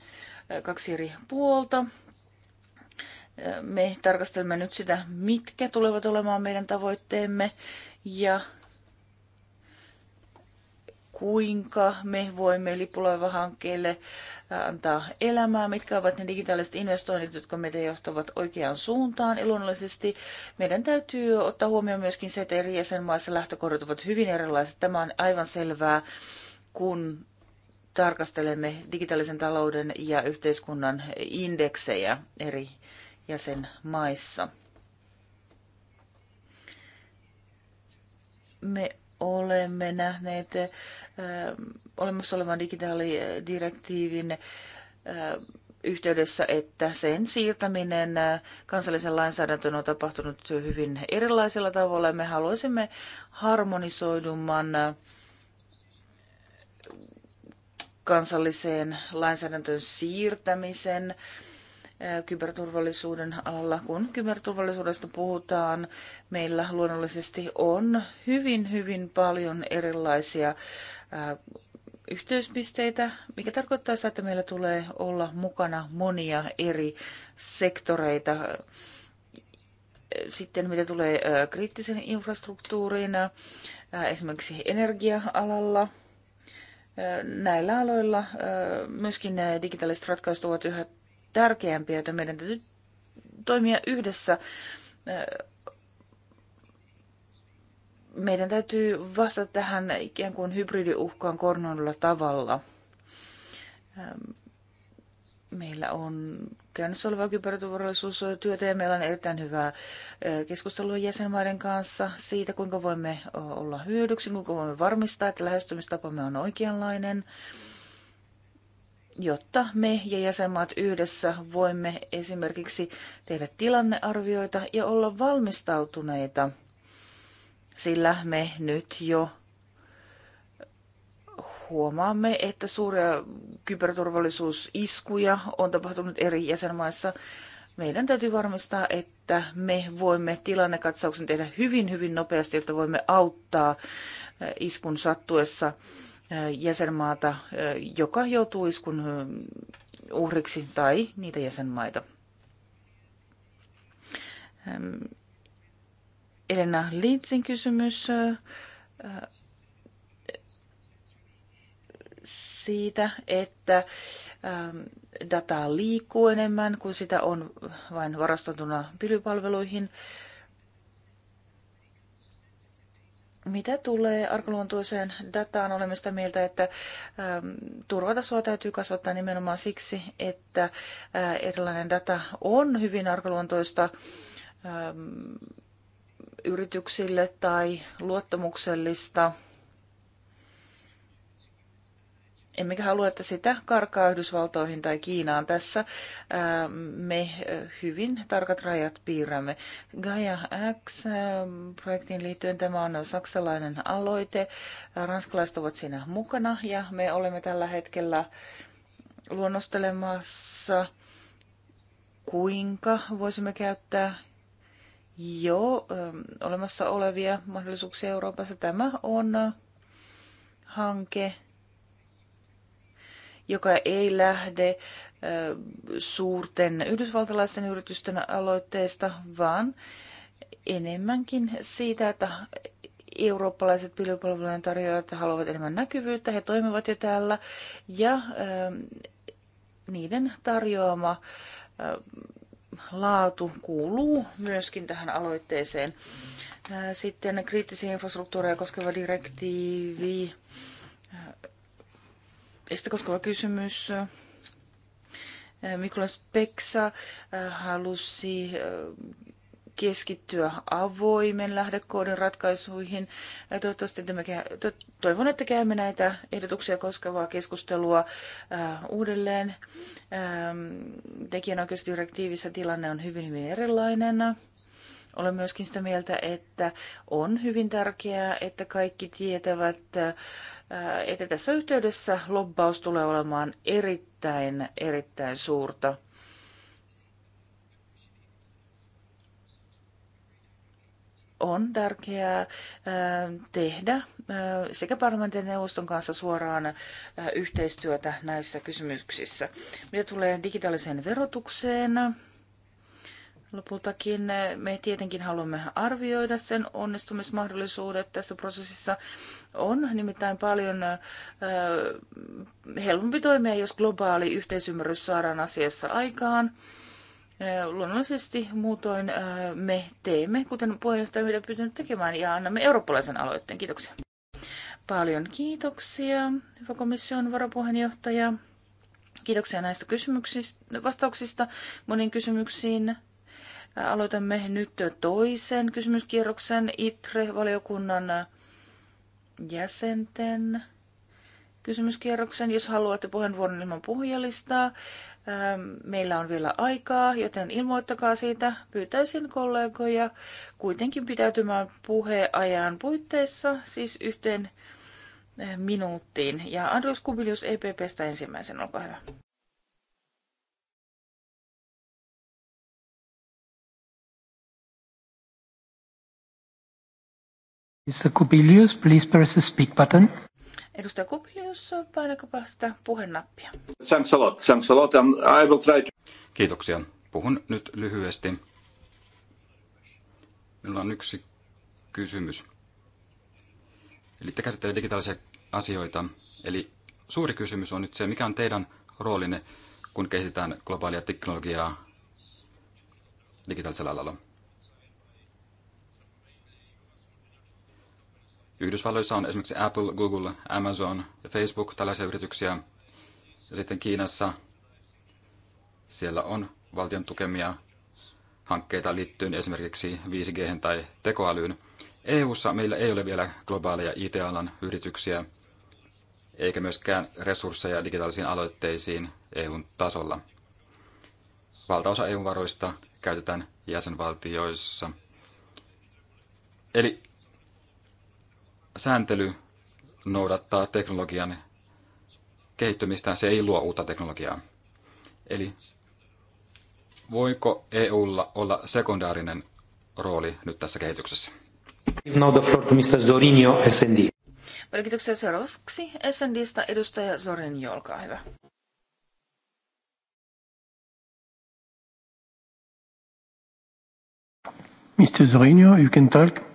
äh, kaksi eri puolta. Me tarkastelemme nyt sitä, mitkä tulevat olemaan meidän tavoitteemme ja kuinka me voimme Lipulaiva-hankkeelle äh, antaa elämää, mitkä ovat ne digitaaliset investoinnit, jotka meitä johtavat oikeaan suuntaan. Luonnollisesti meidän täytyy ottaa huomioon myöskin se, että eri jäsenmaissa lähtökohdat ovat hyvin erilaiset. Tämä on aivan selvää, kun tarkastelemme digitaalisen talouden ja yhteiskunnan indeksejä eri jäsenmaissa. Me olemme nähneet äh, olemassa olevan digitaalidirektiivin äh, yhteydessä, että sen siirtäminen kansallisen lainsäädäntöön on tapahtunut hyvin erilaisella tavalla. Me haluaisimme harmonisoidumman kansalliseen lainsäädäntöön siirtämisen äh, kyberturvallisuuden alalla. Kun kyberturvallisuudesta puhutaan, meillä luonnollisesti on hyvin, hyvin paljon erilaisia yhteyspisteitä, mikä tarkoittaa sitä, että meillä tulee olla mukana monia eri sektoreita. Sitten mitä tulee kriittisen infrastruktuuriin, esimerkiksi energia-alalla, näillä aloilla myöskin digitaaliset ratkaisut ovat yhä tärkeämpiä, joita meidän täytyy toimia yhdessä. Meidän täytyy vastata tähän ikään kuin hybridiuhkaan kornoilla tavalla. Meillä on käynnissä oleva kyberturvallisuustyötä ja meillä on erittäin hyvää keskustelua jäsenmaiden kanssa siitä, kuinka voimme olla hyödyksi, kuinka voimme varmistaa, että lähestymistapamme on oikeanlainen jotta me ja jäsenmaat yhdessä voimme esimerkiksi tehdä tilannearvioita ja olla valmistautuneita, sillä me nyt jo huomaamme, että suuria kyberturvallisuusiskuja on tapahtunut eri jäsenmaissa. Meidän täytyy varmistaa, että me voimme tilannekatsauksen tehdä hyvin, hyvin nopeasti, jotta voimme auttaa eh, iskun sattuessa jäsenmaata, joka joutuu iskun uhriksi tai niitä jäsenmaita. Elena Liitsin kysymys siitä, että dataa liikkuu enemmän kuin sitä on vain varastotuna pilypalveluihin. Mitä tulee arkaluontoiseen dataan, olemme sitä mieltä, että äm, turvatasoa täytyy kasvattaa nimenomaan siksi, että ää, äh, erilainen data on hyvin arkaluontoista äm, yrityksille tai luottamuksellista – Emmekä halua, että sitä karkaa Yhdysvaltoihin tai Kiinaan. Tässä me hyvin tarkat rajat piirrämme. Gaia X-projektiin liittyen tämä on saksalainen aloite. Ranskalaiset ovat siinä mukana ja me olemme tällä hetkellä luonnostelemassa, kuinka voisimme käyttää jo olemassa olevia mahdollisuuksia Euroopassa. Tämä on hanke, joka ei lähde suurten yhdysvaltalaisten yritysten aloitteesta, vaan enemmänkin siitä, että eurooppalaiset pilvipalvelujen tarjoajat haluavat enemmän näkyvyyttä, he toimivat jo täällä, ja niiden tarjoama laatu kuuluu myöskin tähän aloitteeseen. Sitten kriittisiä infrastruktuureja koskeva direktiivi sitä koskeva kysymys. Mikulas Peksa halusi keskittyä avoimen lähdekoodin ratkaisuihin. Toivottavasti tämä, toivon, että käymme näitä ehdotuksia koskevaa keskustelua uudelleen. Tekijänoikeusdirektiivissä tilanne on hyvin, hyvin erilainen. Olen myöskin sitä mieltä, että on hyvin tärkeää, että kaikki tietävät että tässä yhteydessä lobbaus tulee olemaan erittäin, erittäin suurta. On tärkeää tehdä sekä parlamentin ja neuvoston kanssa suoraan yhteistyötä näissä kysymyksissä. Mitä tulee digitaaliseen verotukseen, Lopultakin eh, me tietenkin haluamme arvioida sen onnistumismahdollisuudet tässä prosessissa. On nimittäin paljon ö, eh, helpompi toimia, jos globaali yhteisymmärrys saadaan asiassa aikaan. Eh, luonnollisesti muutoin me teemme, kuten puheenjohtaja on pyytänyt tekemään, ja annamme eurooppalaisen aloitteen. Kiitoksia. Paljon kiitoksia, hyvä komission varapuheenjohtaja. Kiitoksia näistä kysymyksistä, vastauksista moniin kysymyksiin. Aloitamme nyt toisen kysymyskierroksen ITRE-valiokunnan jäsenten kysymyskierroksen. Jos haluatte puheenvuoron ilman puhujalistaa, ähm, meillä on vielä aikaa, joten ilmoittakaa siitä. Pyytäisin kollegoja kuitenkin pitäytymään puheajan puitteissa, siis yhteen äh, minuuttiin. Ja Andreas Kubilius EPPstä ensimmäisen, olkaa hyvä. Mr. Kupilius, please press the speak button. Edustaja Kupilius, painakapa sitä puhenappia. Thanks a lot, thanks a lot. Um, I will try to... Kiitoksia. Puhun nyt lyhyesti. Minulla on yksi kysymys. Eli te käsittelee digitaalisia asioita. Eli suuri kysymys on nyt se, mikä on teidän roolinne, kun kehitetään globaalia teknologiaa digitaalisella alalla. Yhdysvalloissa on esimerkiksi Apple, Google, Amazon ja Facebook, tällaisia yrityksiä. Ja sitten Kiinassa siellä on valtion tukemia hankkeita liittyen esimerkiksi 5G tai tekoälyyn. EU:ssa meillä ei ole vielä globaaleja IT-alan yrityksiä, eikä myöskään resursseja digitaalisiin aloitteisiin EUn tasolla. Valtaosa EUn varoista käytetään jäsenvaltioissa. Eli sääntely noudattaa teknologian kehittymistä, se ei luo uutta teknologiaa. Eli voiko EUlla olla sekundaarinen rooli nyt tässä kehityksessä? Now the floor to Mr. Zorinio, SND. Merkityksen seuraavaksi SNDstä edustaja Zorinio, olkaa hyvä. Mr. Zorinio, you can talk.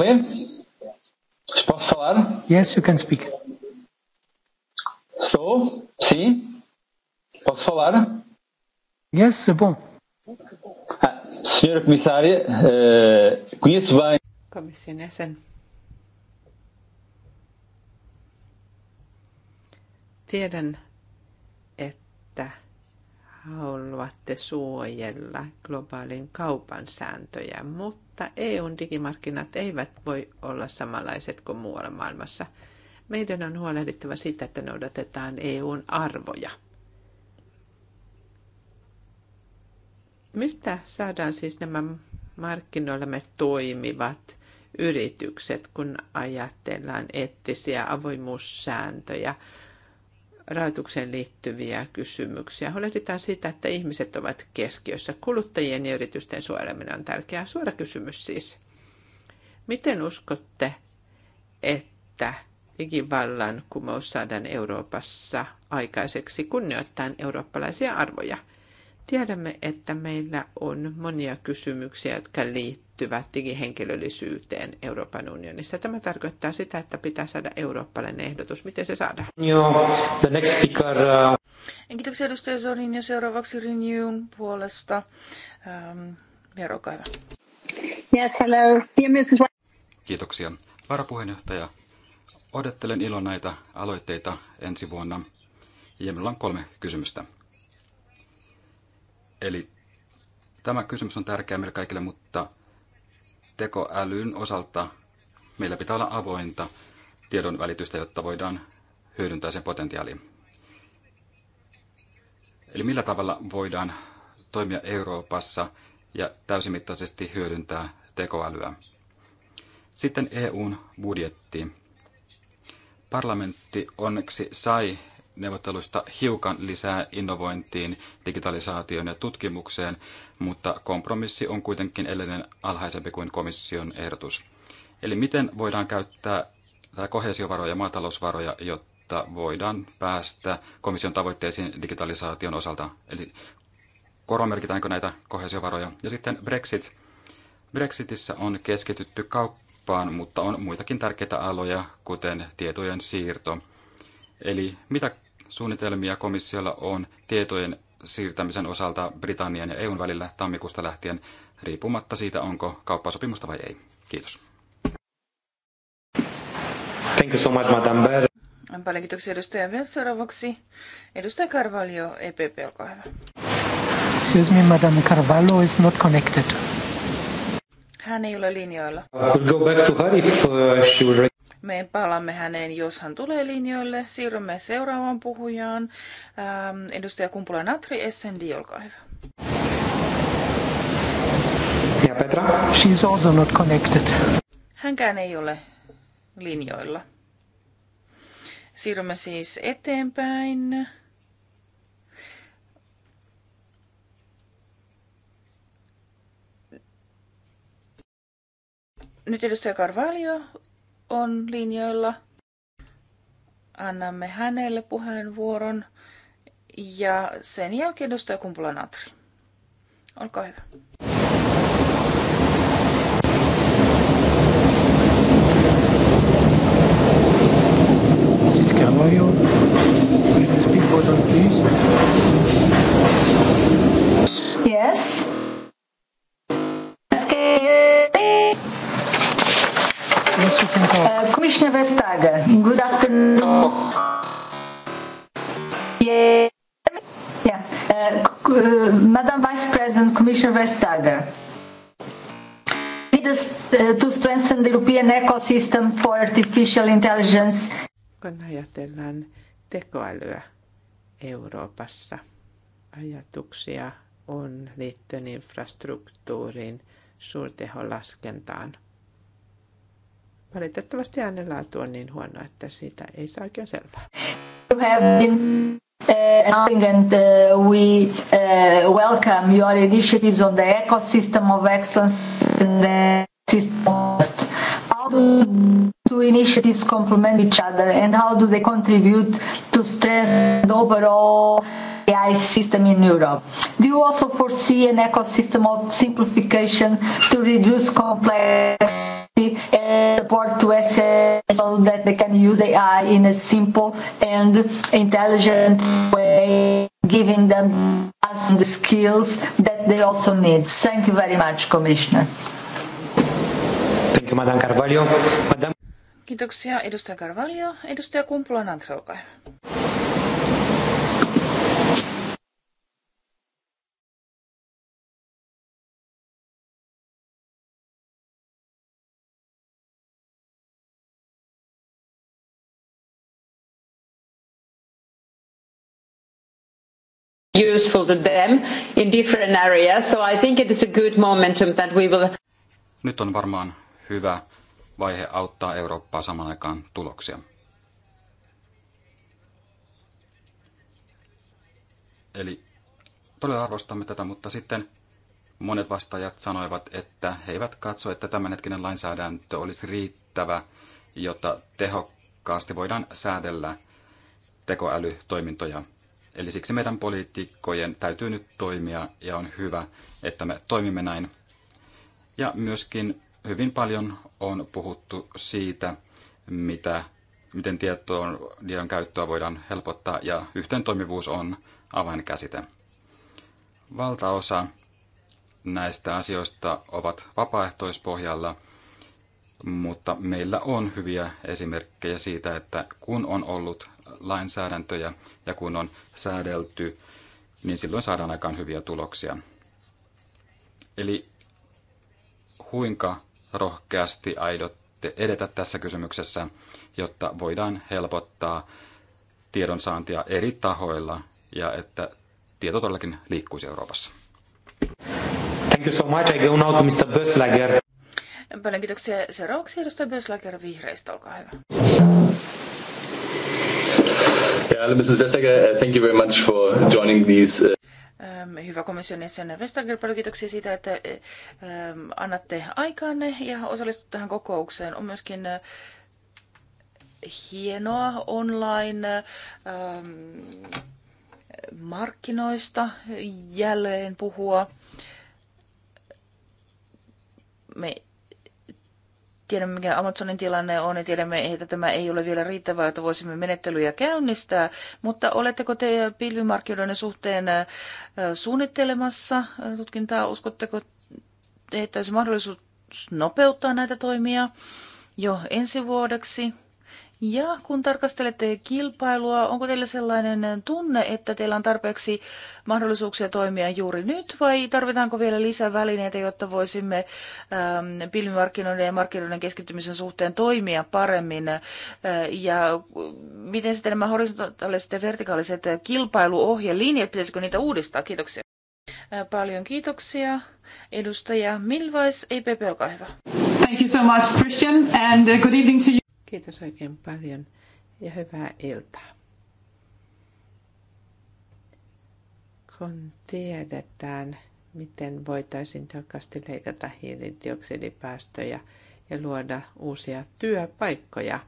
a Posso falar? Yes, you can speak. Estou? Sim? Posso falar? Yes, é bom. Ah, senhora Comissária, uh, conheço bem. Comissão Nessen. Tiedän, että haluatte suojella globaalin kaupan sääntöjä, mutta mutta EUn digimarkkinat eivät voi olla samanlaiset kuin muualla maailmassa. Meidän on huolehdittava siitä, että noudatetaan EUn arvoja. Mistä saadaan siis nämä markkinoillamme toimivat yritykset, kun ajatellaan eettisiä avoimuussääntöjä, rahoitukseen liittyviä kysymyksiä. Huolehditaan siitä, että ihmiset ovat keskiössä. Kuluttajien ja yritysten suojeleminen on tärkeää. Suora kysymys siis. Miten uskotte, että digivallan kumous saadaan Euroopassa aikaiseksi kunnioittain eurooppalaisia arvoja? Tiedämme, että meillä on monia kysymyksiä, jotka liittyvät liittyvät digihenkilöllisyyteen Euroopan unionissa. Tämä tarkoittaa sitä, että pitää saada eurooppalainen ehdotus. Miten se saadaan? Joo, the next speaker. Uh... Kiitoksia edustaja Zorin ja seuraavaksi Renewn puolesta. Um, Vero, kaiva. Yes, hello. Dear Mrs. Kiitoksia. Varapuheenjohtaja, odottelen ilon näitä aloitteita ensi vuonna. Ja minulla on kolme kysymystä. Eli tämä kysymys on tärkeä meille kaikille, mutta tekoälyn osalta meillä pitää olla avointa tiedon välitystä, jotta voidaan hyödyntää sen potentiaalia. Eli millä tavalla voidaan toimia Euroopassa ja täysimittaisesti hyödyntää tekoälyä. Sitten EUn budjetti. Parlamentti onneksi sai neuvotteluista hiukan lisää innovointiin, digitalisaatioon ja tutkimukseen, mutta kompromissi on kuitenkin edelleen alhaisempi kuin komission ehdotus. Eli miten voidaan käyttää kohesiovaroja ja maatalousvaroja, jotta voidaan päästä komission tavoitteisiin digitalisaation osalta? Eli korvamerkitäänkö näitä kohesiovaroja? Ja sitten Brexit. Brexitissä on keskitytty kauppaan, mutta on muitakin tärkeitä aloja, kuten tietojen siirto. Eli mitä suunnitelmia komissiolla on tietojen siirtämisen osalta Britannian ja EUn välillä tammikuusta lähtien, riippumatta siitä, onko kauppasopimusta vai ei. Kiitos. Thank you so much, Madame Ber. Paljon kiitoksia edustaja Bell. Seuraavaksi edustaja Carvalho, EPP, olkaa hyvä. Excuse me, Madame Carvalho is not connected. Hän ei ole linjoilla. I go back to her if uh, she will... Me palaamme häneen, jos hän tulee linjoille. Siirrymme seuraavaan puhujaan. Ähm, edustaja Kumpula Natri, SND, olkaa hyvä. Ja Petra? She's also not connected. Hänkään ei ole linjoilla. Siirrymme siis eteenpäin. Nyt edustaja Carvalho, on linjoilla. Annamme hänelle puheenvuoron ja sen jälkeen edustaja Kumpula Natri. Olkaa hyvä. Mrs. Carvalho, could you speak please? Yes. Yes, you can talk. Uh, Commissioner Vestager, good afternoon. Yeah. Yeah. Uh, uh, Madam Vice President, Commissioner Vestager. Need us uh, to strengthen the European ecosystem for artificial intelligence. Kun ajatellaan tekoälyä Euroopassa, ajatuksia on liittyen infrastruktuuriin, suurteholaskentaan Valitettavasti äänenlaatu on niin huono, että siitä ei saa oikein selvää. You have been uh, announcing and uh, we uh, welcome your initiatives on the ecosystem of excellence and the system. How do two initiatives complement each other and how do they contribute to stress and overall AI system in Europe. Do you also foresee an ecosystem of simplification to reduce complexity and support to SMEs so that they can use AI in a simple and intelligent way, giving them the skills that they also need? Thank you very much, Commissioner. Thank you, Madam Carvalho. Madame... Kiitoksia, edustaja Carvalho. Edustaja Kumpula-Natri, olkaa hyvä. useful to them in different areas. So I think it is a good momentum that we will... Nyt on varmaan hyvä vaihe auttaa Eurooppaa saman aikaan tuloksia. Eli todella arvostamme tätä, mutta sitten monet vastaajat sanoivat, että he eivät katso, että tämänhetkinen lainsäädäntö olisi riittävä, jotta tehokkaasti voidaan säädellä tekoälytoimintoja. Eli siksi meidän poliitikkojen täytyy nyt toimia ja on hyvä, että me toimimme näin. Ja myöskin hyvin paljon on puhuttu siitä, mitä, miten tietoon käyttöä voidaan helpottaa ja yhteen toimivuus on avainkäsite. Valtaosa näistä asioista ovat vapaaehtoispohjalla, mutta meillä on hyviä esimerkkejä siitä, että kun on ollut lainsäädäntöjä ja kun on säädelty, niin silloin saadaan aikaan hyviä tuloksia. Eli kuinka rohkeasti aidotte edetä tässä kysymyksessä, jotta voidaan helpottaa tiedonsaantia eri tahoilla ja että tieto todellakin liikkuisi Euroopassa. Thank you so much. I go now to Mr. Böslager. Paljon kiitoksia. Seuraavaksi edustaja Böslager vihreistä, olkaa hyvä. Ja, Mrs. Vestager, uh, thank you very much for joining these. Uh, ähm, hyvä komission jäsen Vestager, paljon kiitoksia siitä, että äh, ähm, annatte aikaanne ja osallistutte tähän kokoukseen. On myöskin äh, hienoa online ähm, markkinoista jälleen puhua. Me Tiedämme, mikä Amazonin tilanne on ja tiedämme, että tämä ei ole vielä riittävää, että voisimme menettelyjä käynnistää. Mutta oletteko te pilvimarkkinoiden suhteen äh, suunnittelemassa äh, tutkintaa? Uskotteko, että olisi mahdollisuus nopeuttaa näitä toimia jo ensi vuodeksi? Ja kun tarkastelette kilpailua, onko teillä sellainen tunne, että teillä on tarpeeksi mahdollisuuksia toimia juuri nyt, vai tarvitaanko vielä lisää välineitä, jotta voisimme ähm, pilvimarkkinoiden ja markkinoiden keskittymisen suhteen toimia paremmin? Äh, ja miten sitten nämä horisontaaliset ja vertikaaliset kilpailuohjelinjat, pitäisikö niitä uudistaa? Kiitoksia. Äh, paljon kiitoksia. Edustaja Milvais, EPP, olkaa hyvä. Thank you so much, Christian, and uh, good evening to you. Kiitos oikein paljon ja hyvää iltaa. Kun tiedetään, miten voitaisiin tehokkaasti leikata hiilidioksidipäästöjä ja luoda uusia työpaikkoja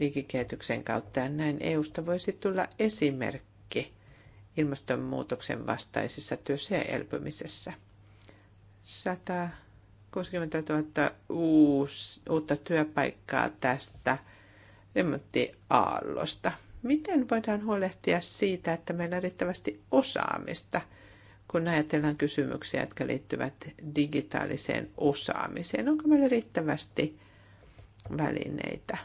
digikehityksen kautta. Ja näin EUsta voisi tulla esimerkki ilmastonmuutoksen vastaisessa työssä ja elpymisessä. 100 60 000 uus, uutta työpaikkaa tästä remonttiaallosta. Miten voidaan huolehtia siitä, että meillä on riittävästi osaamista, kun ajatellaan kysymyksiä, jotka liittyvät digitaaliseen osaamiseen? Onko meillä riittävästi välineitä?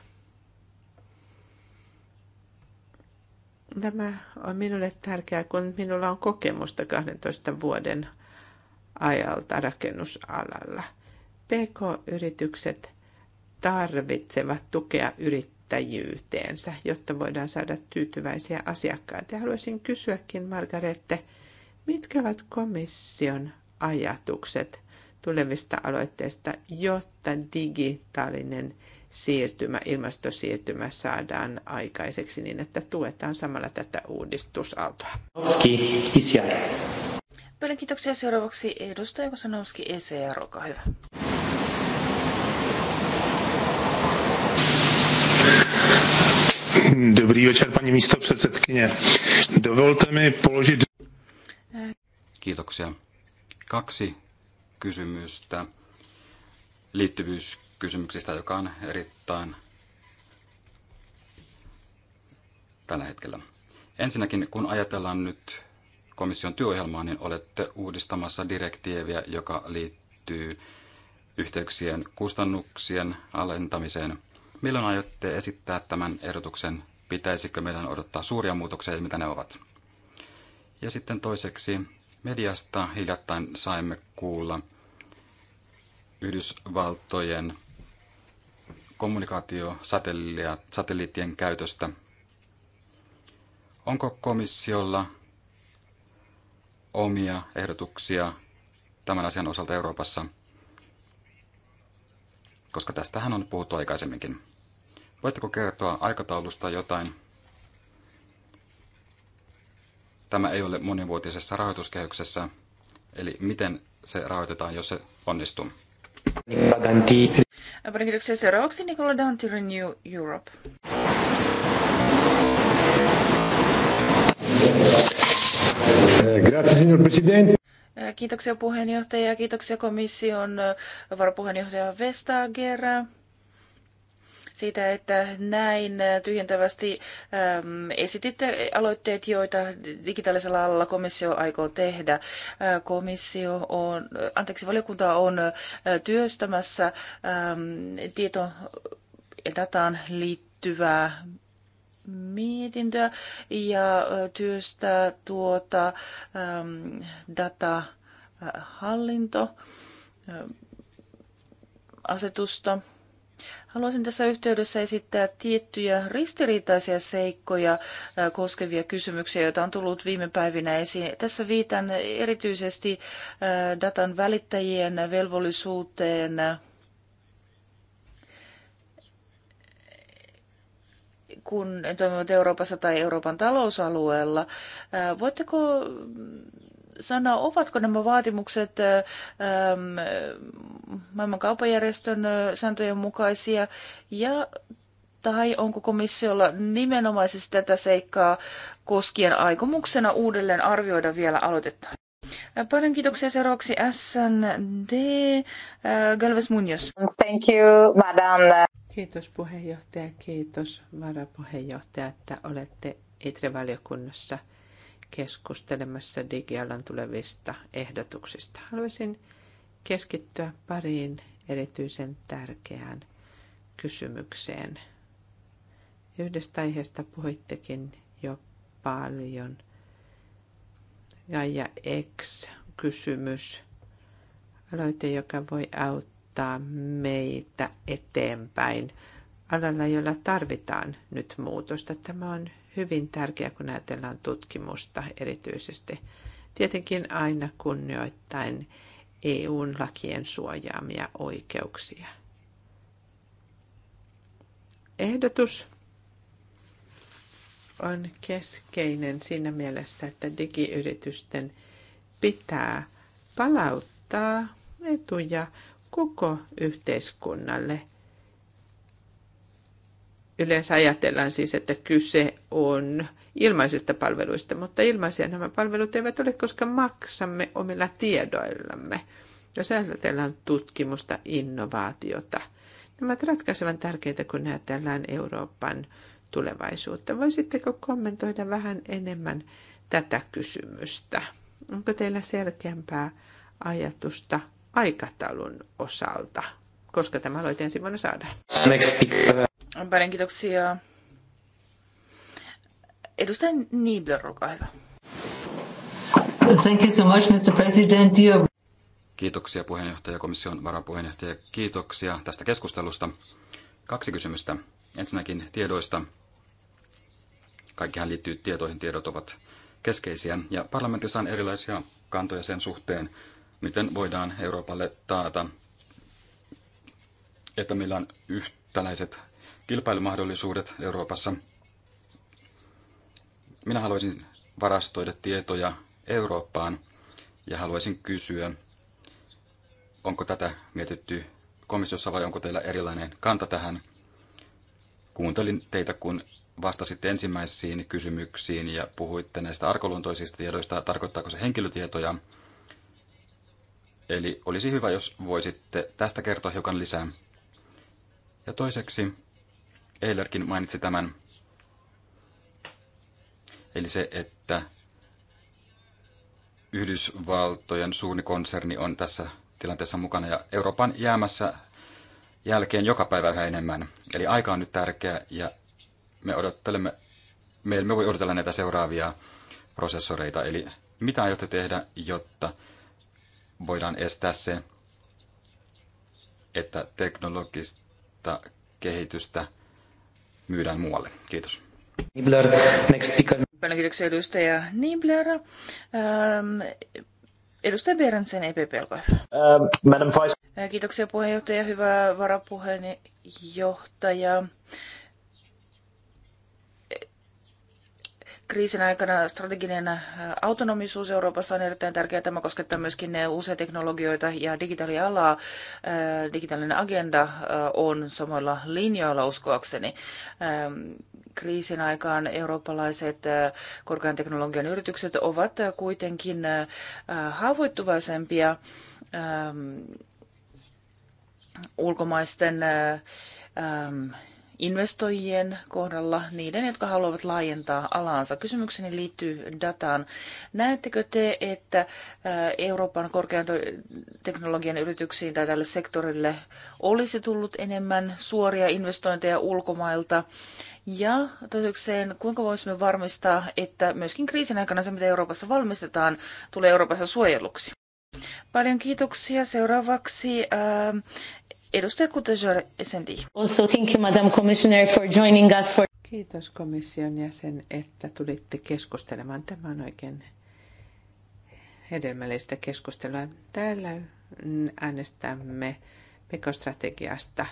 Tämä on minulle tärkeää, kun minulla on kokemusta 12 vuoden ajalta rakennusalalla – PK-yritykset tarvitsevat tukea yrittäjyyteensä, jotta voidaan saada tyytyväisiä asiakkaita. Ja haluaisin kysyäkin, Margarette, mitkä ovat komission ajatukset tulevista aloitteista, jotta digitaalinen siirtymä, ilmastosiirtymä saadaan aikaiseksi niin, että tuetaan samalla tätä uudistusaaltoa. Paljon kiitoksia seuraavaksi edustaja Kosanowski, ECR, olkaa hyvä. Dobrý večer, paní místo předsedkyně. Dovolte mi položit... Kiitoksia. Kaksi kysymystä liittyvyyskysymyksistä, joka on erittäin tällä hetkellä. Ensinnäkin, kun ajatellaan nyt komission työohjelmaa, niin olette uudistamassa direktiiviä, joka liittyy yhteyksien kustannuksien alentamiseen – Milloin aiotte esittää tämän ehdotuksen? Pitäisikö meidän odottaa suuria muutoksia ja mitä ne ovat? Ja sitten toiseksi mediasta hiljattain saimme kuulla Yhdysvaltojen kommunikaatiosatelliittien käytöstä. Onko komissiolla omia ehdotuksia tämän asian osalta Euroopassa? Koska tästähän on puhuttu aikaisemminkin. Voitteko kertoa aikataulusta jotain? Tämä ei ole monivuotisessa rahoituskehyksessä, eli miten se rahoitetaan, jos se onnistuu? Nicola seuraavaksi Nicola Danti Renew Europe. Grazie, signor Presidente. Kiitoksia puheenjohtaja ja kiitoksia komission varapuheenjohtaja Vestager siitä, että näin tyhjentävästi äm, esititte aloitteet, joita digitaalisella alalla komissio aikoo tehdä. Äh, komissio on, anteeksi, valiokunta on äh, työstämässä äm, tieto- ja dataan liittyvää mietintöä ja äh, työstää tuota äm, datahallinto asetusta. Haluaisin tässä yhteydessä esittää tiettyjä ristiriitaisia seikkoja koskevia kysymyksiä, joita on tullut viime päivinä esiin. Tässä viitan erityisesti datan välittäjien velvollisuuteen kun toimivat Euroopassa tai Euroopan talousalueella. Voitteko sanoa, ovatko nämä vaatimukset maailman kaupajärjestön sääntöjen mukaisia ja tai onko komissiolla nimenomaisesti tätä seikkaa koskien aikomuksena uudelleen arvioida vielä aloitetta? Paljon kiitoksia seuraavaksi SND Galvez Munoz. Thank you, madam. Kiitos puheenjohtaja, kiitos varapuheenjohtaja, että olette ITRE-valiokunnassa – keskustelemassa digialan tulevista ehdotuksista. Haluaisin keskittyä pariin erityisen tärkeään kysymykseen. Yhdestä aiheesta puhuittekin jo paljon. Gaia X-kysymys. Aloite, joka voi auttaa meitä eteenpäin alalla, jolla tarvitaan nyt muutosta. Tämä on hyvin tärkeä, kun ajatellaan tutkimusta erityisesti. Tietenkin aina kunnioittain EUn lakien suojaamia oikeuksia. Ehdotus on keskeinen siinä mielessä, että digiyritysten pitää palauttaa etuja koko yhteiskunnalle Yleensä ajatellaan siis, että kyse on ilmaisista palveluista, mutta ilmaisia nämä palvelut eivät ole, koska maksamme omilla tiedoillamme. Jos ajatellaan tutkimusta, innovaatiota, nämä ovat ratkaisevan tärkeitä, kun ajatellaan Euroopan tulevaisuutta. Voisitteko kommentoida vähän enemmän tätä kysymystä? Onko teillä selkeämpää ajatusta aikataulun osalta? Koska tämä aloite ensi vuonna saadaan. Paljon kiitoksia. Edustaja Niebler, olkaa hyvä. Thank you so much, Mr. President. Kiitoksia puheenjohtaja, komission varapuheenjohtaja. Kiitoksia tästä keskustelusta. Kaksi kysymystä. Ensinnäkin tiedoista. Kaikkihan liittyy tietoihin. Tiedot ovat keskeisiä. Ja parlamentissa on erilaisia kantoja sen suhteen, miten voidaan Euroopalle taata, että meillä on yhtäläiset kilpailumahdollisuudet Euroopassa. Minä haluaisin varastoida tietoja Eurooppaan ja haluaisin kysyä, onko tätä mietitty komissiossa vai onko teillä erilainen kanta tähän. Kuuntelin teitä, kun vastasitte ensimmäisiin kysymyksiin ja puhuitte näistä arkoluontoisista tiedoista, tarkoittaako se henkilötietoja. Eli olisi hyvä, jos voisitte tästä kertoa hiukan lisää. Ja toiseksi Eilerkin mainitsi tämän. Eli se, että Yhdysvaltojen suuri konserni on tässä tilanteessa mukana ja Euroopan jäämässä jälkeen joka päivä yhä enemmän. Eli aika on nyt tärkeä ja me odottelemme, me emme voi odotella näitä seuraavia prosessoreita. Eli mitä aiotte tehdä, jotta voidaan estää se, että teknologista kehitystä – myydään muualle. Kiitos. Nibler, next speaker. kiitoksia edustaja Nibler. Ähm, edustaja Berendsen, EPP, olkaa hyvä. Ähm, Madam Vice. Äh, kiitoksia puheenjohtaja, hyvä varapuheenjohtaja. kriisin aikana strateginen äh, autonomisuus Euroopassa on erittäin tärkeää. Tämä koskettaa myöskin äh, uusia teknologioita ja digitaalialaa. Äh, digitaalinen agenda on samoilla linjoilla uskoakseni. Ähm, kriisin aikaan eurooppalaiset korkean teknologian yritykset ovat kuitenkin haavoittuvaisempia ähm, ulkomaisten ähm, investoijien kohdalla, niiden, jotka haluavat laajentaa alaansa. Kysymykseni liittyy dataan. Näettekö te, että äh, Euroopan korkean teknologian yrityksiin tai tälle sektorille olisi tullut enemmän suoria investointeja ulkomailta? Ja toisekseen, kuinka voisimme varmistaa, että myöskin kriisin aikana se, mitä Euroopassa valmistetaan, tulee Euroopassa suojeluksi? Paljon kiitoksia. Seuraavaksi äh, Edustaja Kutajor Esendi. Also thank you, Madam Commissioner, for joining us for... Kiitos komission jäsen, että tulitte keskustelemaan. Tämä on oikein hedelmällistä keskustelua. Täällä äänestämme pk-strategiasta.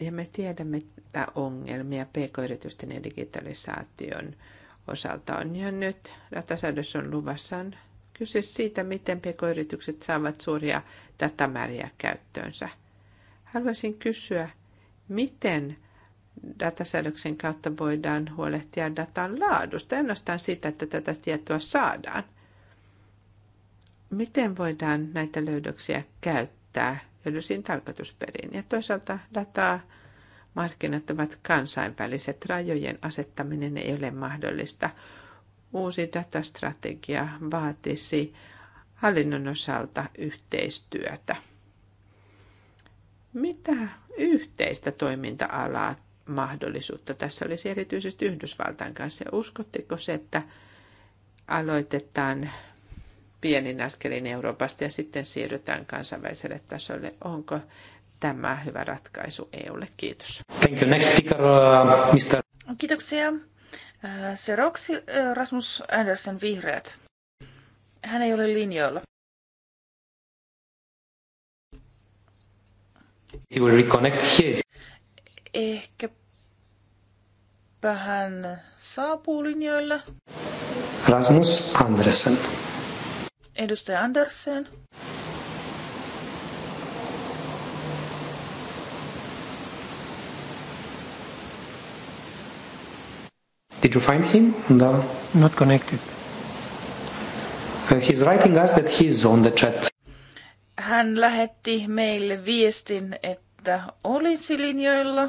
Ja me tiedämme, että ongelmia pk-yritysten ja digitalisaation osalta on. Ja nyt datasäädös on luvassa kyse siitä, miten pk-yritykset saavat suuria datamääriä käyttöönsä. Haluaisin kysyä, miten datasäädöksen kautta voidaan huolehtia datan laadusta, ainoastaan siitä, että tätä tietoa saadaan. Miten voidaan näitä löydöksiä käyttää hyödyllisiin tarkoitusperiin? Ja toisaalta dataa markkinat ovat kansainväliset, rajojen asettaminen ei ole mahdollista uusi datastrategia vaatisi hallinnon osalta yhteistyötä. Mitä yhteistä toiminta-alaa mahdollisuutta tässä olisi erityisesti Yhdysvaltain kanssa? uskotteko se, että aloitetaan pienin askelin Euroopasta ja sitten siirrytään kansainväliselle tasolle? Onko tämä hyvä ratkaisu EUlle? Kiitos. Thank you. Next speaker, uh, Mr. Kiitoksia. Seuraavaksi Rasmus Andersen Vihreät. Hän ei ole linjoilla. He will reconnect his. Ehkäpä hän saapuu linjoille. Rasmus Andersen. Edustaja Andersen. Did you find him? No. Not connected. Uh, he's writing us that he's on the chat. Hän lähetti meille viestin, että olisi linjoilla.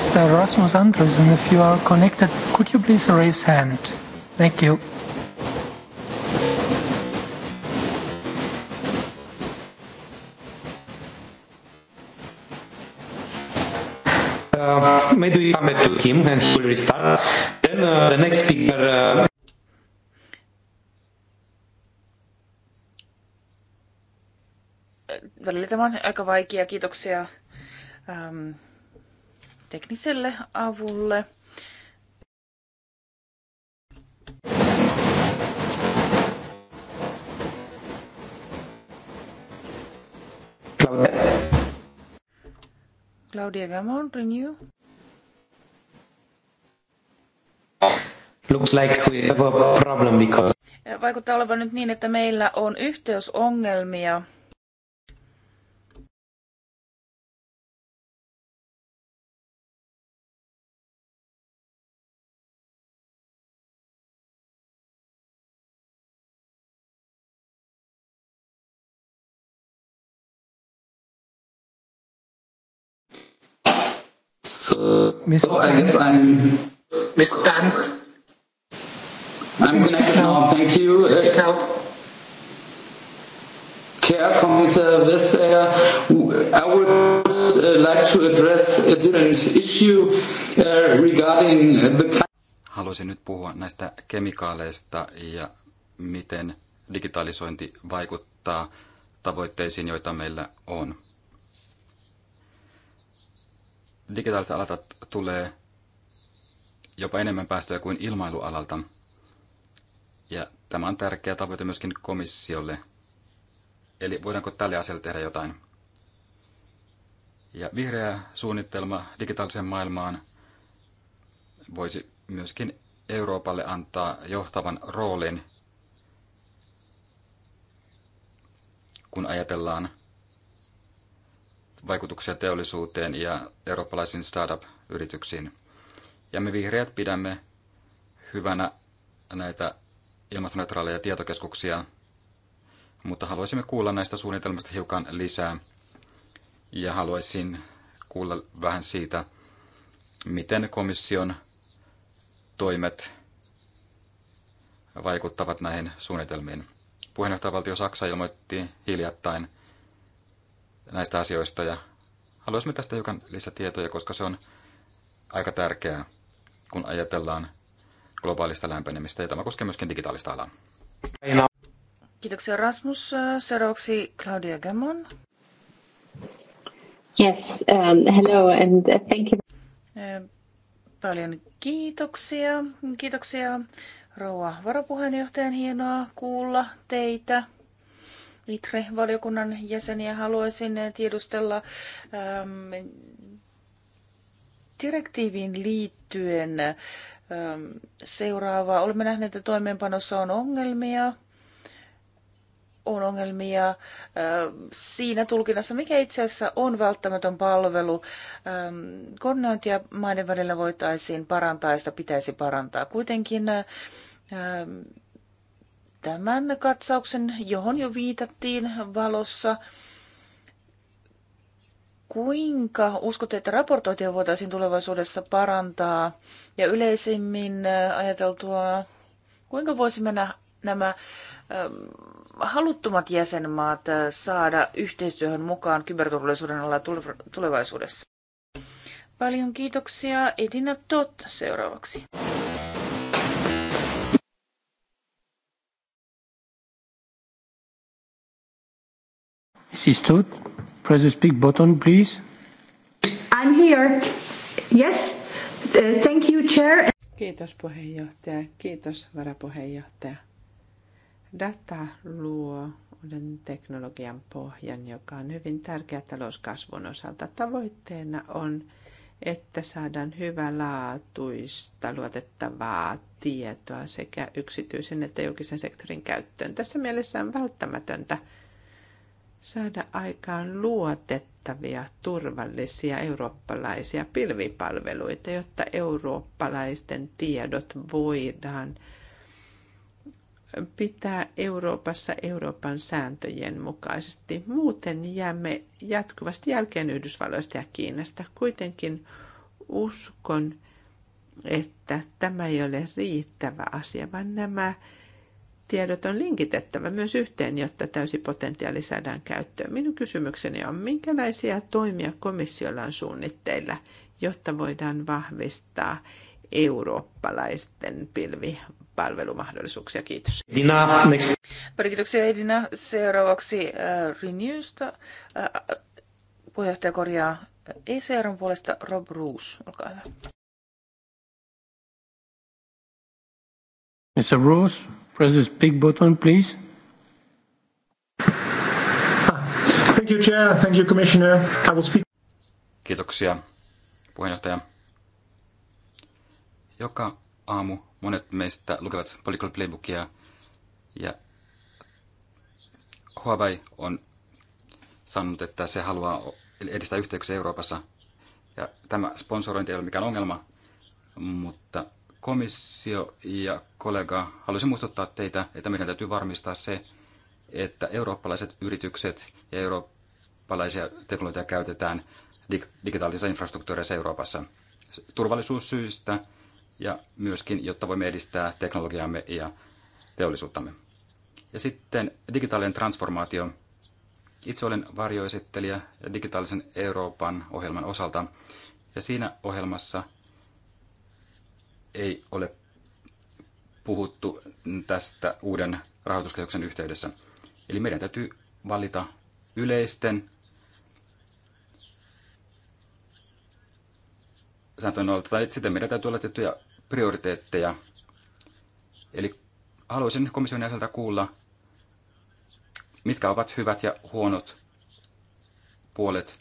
Sir Rasmus Andres, and if you are connected, could you please raise hand? Thank you. uh, maybe we come back to him and he will restart. Then uh, the next speaker. Uh, Välillä tämä on aika vaikea. Kiitoksia ähm, tekniselle avulle. Claudia Gamon, Renew. Looks like we have a problem because... Vaikuttaa olevan nyt niin, että meillä on yhteysongelmia Mr. Mr. Tan. I'm connected now, thank you. Care Commissar Wester, uh, I would uh, like to address a different issue uh, regarding the... Haluaisin nyt puhua näistä kemikaaleista ja miten digitalisointi vaikuttaa tavoitteisiin, joita meillä on. Digitaaliset alatat tulee jopa enemmän päästöjä kuin ilmailualalta. Ja tämä on tärkeä tavoite myöskin komissiolle. Eli voidaanko tälle asialle tehdä jotain? Ja vihreä suunnitelma digitaaliseen maailmaan voisi myöskin Euroopalle antaa johtavan roolin, kun ajatellaan vaikutuksia teollisuuteen ja eurooppalaisiin startup-yrityksiin. Ja me vihreät pidämme hyvänä näitä ilmastoneutraaleja tietokeskuksia, mutta haluaisimme kuulla näistä suunnitelmista hiukan lisää ja haluaisin kuulla vähän siitä, miten komission toimet vaikuttavat näihin suunnitelmiin. Puheenjohtajavaltio Saksa ilmoitti hiljattain, näistä asioista ja haluaisimme tästä hiukan lisätietoja, koska se on aika tärkeää, kun ajatellaan globaalista lämpenemistä ja tämä koskee myöskin digitaalista alaa. Kiitoksia Rasmus. Seuraavaksi Claudia Gammon. Yes, um, hello and thank you. Eh, paljon kiitoksia. Kiitoksia rouva varapuheenjohtajan. Hienoa kuulla teitä. ITRE-valiokunnan jäseniä. Haluaisin tiedustella ähm, direktiiviin liittyen ähm, seuraavaa. Olemme nähneet, että toimeenpanossa on ongelmia on ongelmia äh, siinä tulkinnassa, mikä itse asiassa on välttämätön palvelu. Ähm, koordinointia maiden välillä voitaisiin parantaa ja sitä pitäisi parantaa. Kuitenkin äh, tämän katsauksen, johon jo viitattiin valossa, kuinka uskotte, että raportointia voitaisiin tulevaisuudessa parantaa ja yleisimmin äh, ajateltua, kuinka voisimme nämä ähm, haluttomat jäsenmaat äh, saada yhteistyöhön mukaan kyberturvallisuuden alla tulevaisuudessa? Paljon kiitoksia. Edina Tot seuraavaksi. Mrs. Todd, press the speak button, please. I'm here. Yes, uh, thank you, Chair. Kiitos puheenjohtaja, kiitos varapuheenjohtaja. Data luo uuden teknologian pohjan, joka on hyvin tärkeä talouskasvun osalta. Tavoitteena on, että saadaan hyvälaatuista luotettavaa tietoa sekä yksityisen että julkisen sektorin käyttöön. Tässä mielessä on välttämätöntä, saada aikaan luotettavia, turvallisia eurooppalaisia pilvipalveluita, jotta eurooppalaisten tiedot voidaan pitää Euroopassa Euroopan sääntöjen mukaisesti. Muuten jäämme jatkuvasti jälkeen Yhdysvalloista ja Kiinasta. Kuitenkin uskon, että tämä ei ole riittävä asia, vaan nämä tiedot on linkitettävä myös yhteen, jotta täysi potentiaali saadaan käyttöön. Minun kysymykseni on, minkälaisia toimia komissiolla on suunnitteilla, jotta voidaan vahvistaa eurooppalaisten pilvipalvelumahdollisuuksia. Kiitos. Dina, next. Pari kiitoksia Edina. Seuraavaksi uh, Renewsta. Uh, puheenjohtaja korjaa ECRn puolesta Rob Roos. Olkaa hyvä. Mr. Roos, Press the speak button, please. Thank you, Chair. Thank you, Commissioner. I will speak. Kiitoksia, puheenjohtaja. Joka aamu monet meistä lukevat Political Playbookia ja Huawei on sanonut, että se haluaa edistää yhteyksiä Euroopassa. Ja tämä sponsorointi ei ole mikään ongelma, mutta komissio ja kollega, haluaisin muistuttaa teitä, että meidän täytyy varmistaa se, että eurooppalaiset yritykset ja eurooppalaisia teknologiaa käytetään digitaalisessa infrastruktuurissa Euroopassa turvallisuussyistä ja myöskin, jotta voimme edistää teknologiamme ja teollisuuttamme. Ja sitten digitaalinen transformaatio. Itse olen varjoesittelijä digitaalisen Euroopan ohjelman osalta. Ja siinä ohjelmassa – ei ole puhuttu tästä uuden rahoituskehyksen yhteydessä. Eli meidän täytyy valita yleisten sääntöjen noilta, tai sitten meidän täytyy olla tiettyjä prioriteetteja. Eli haluaisin komission jäseneltä kuulla, mitkä ovat hyvät ja huonot puolet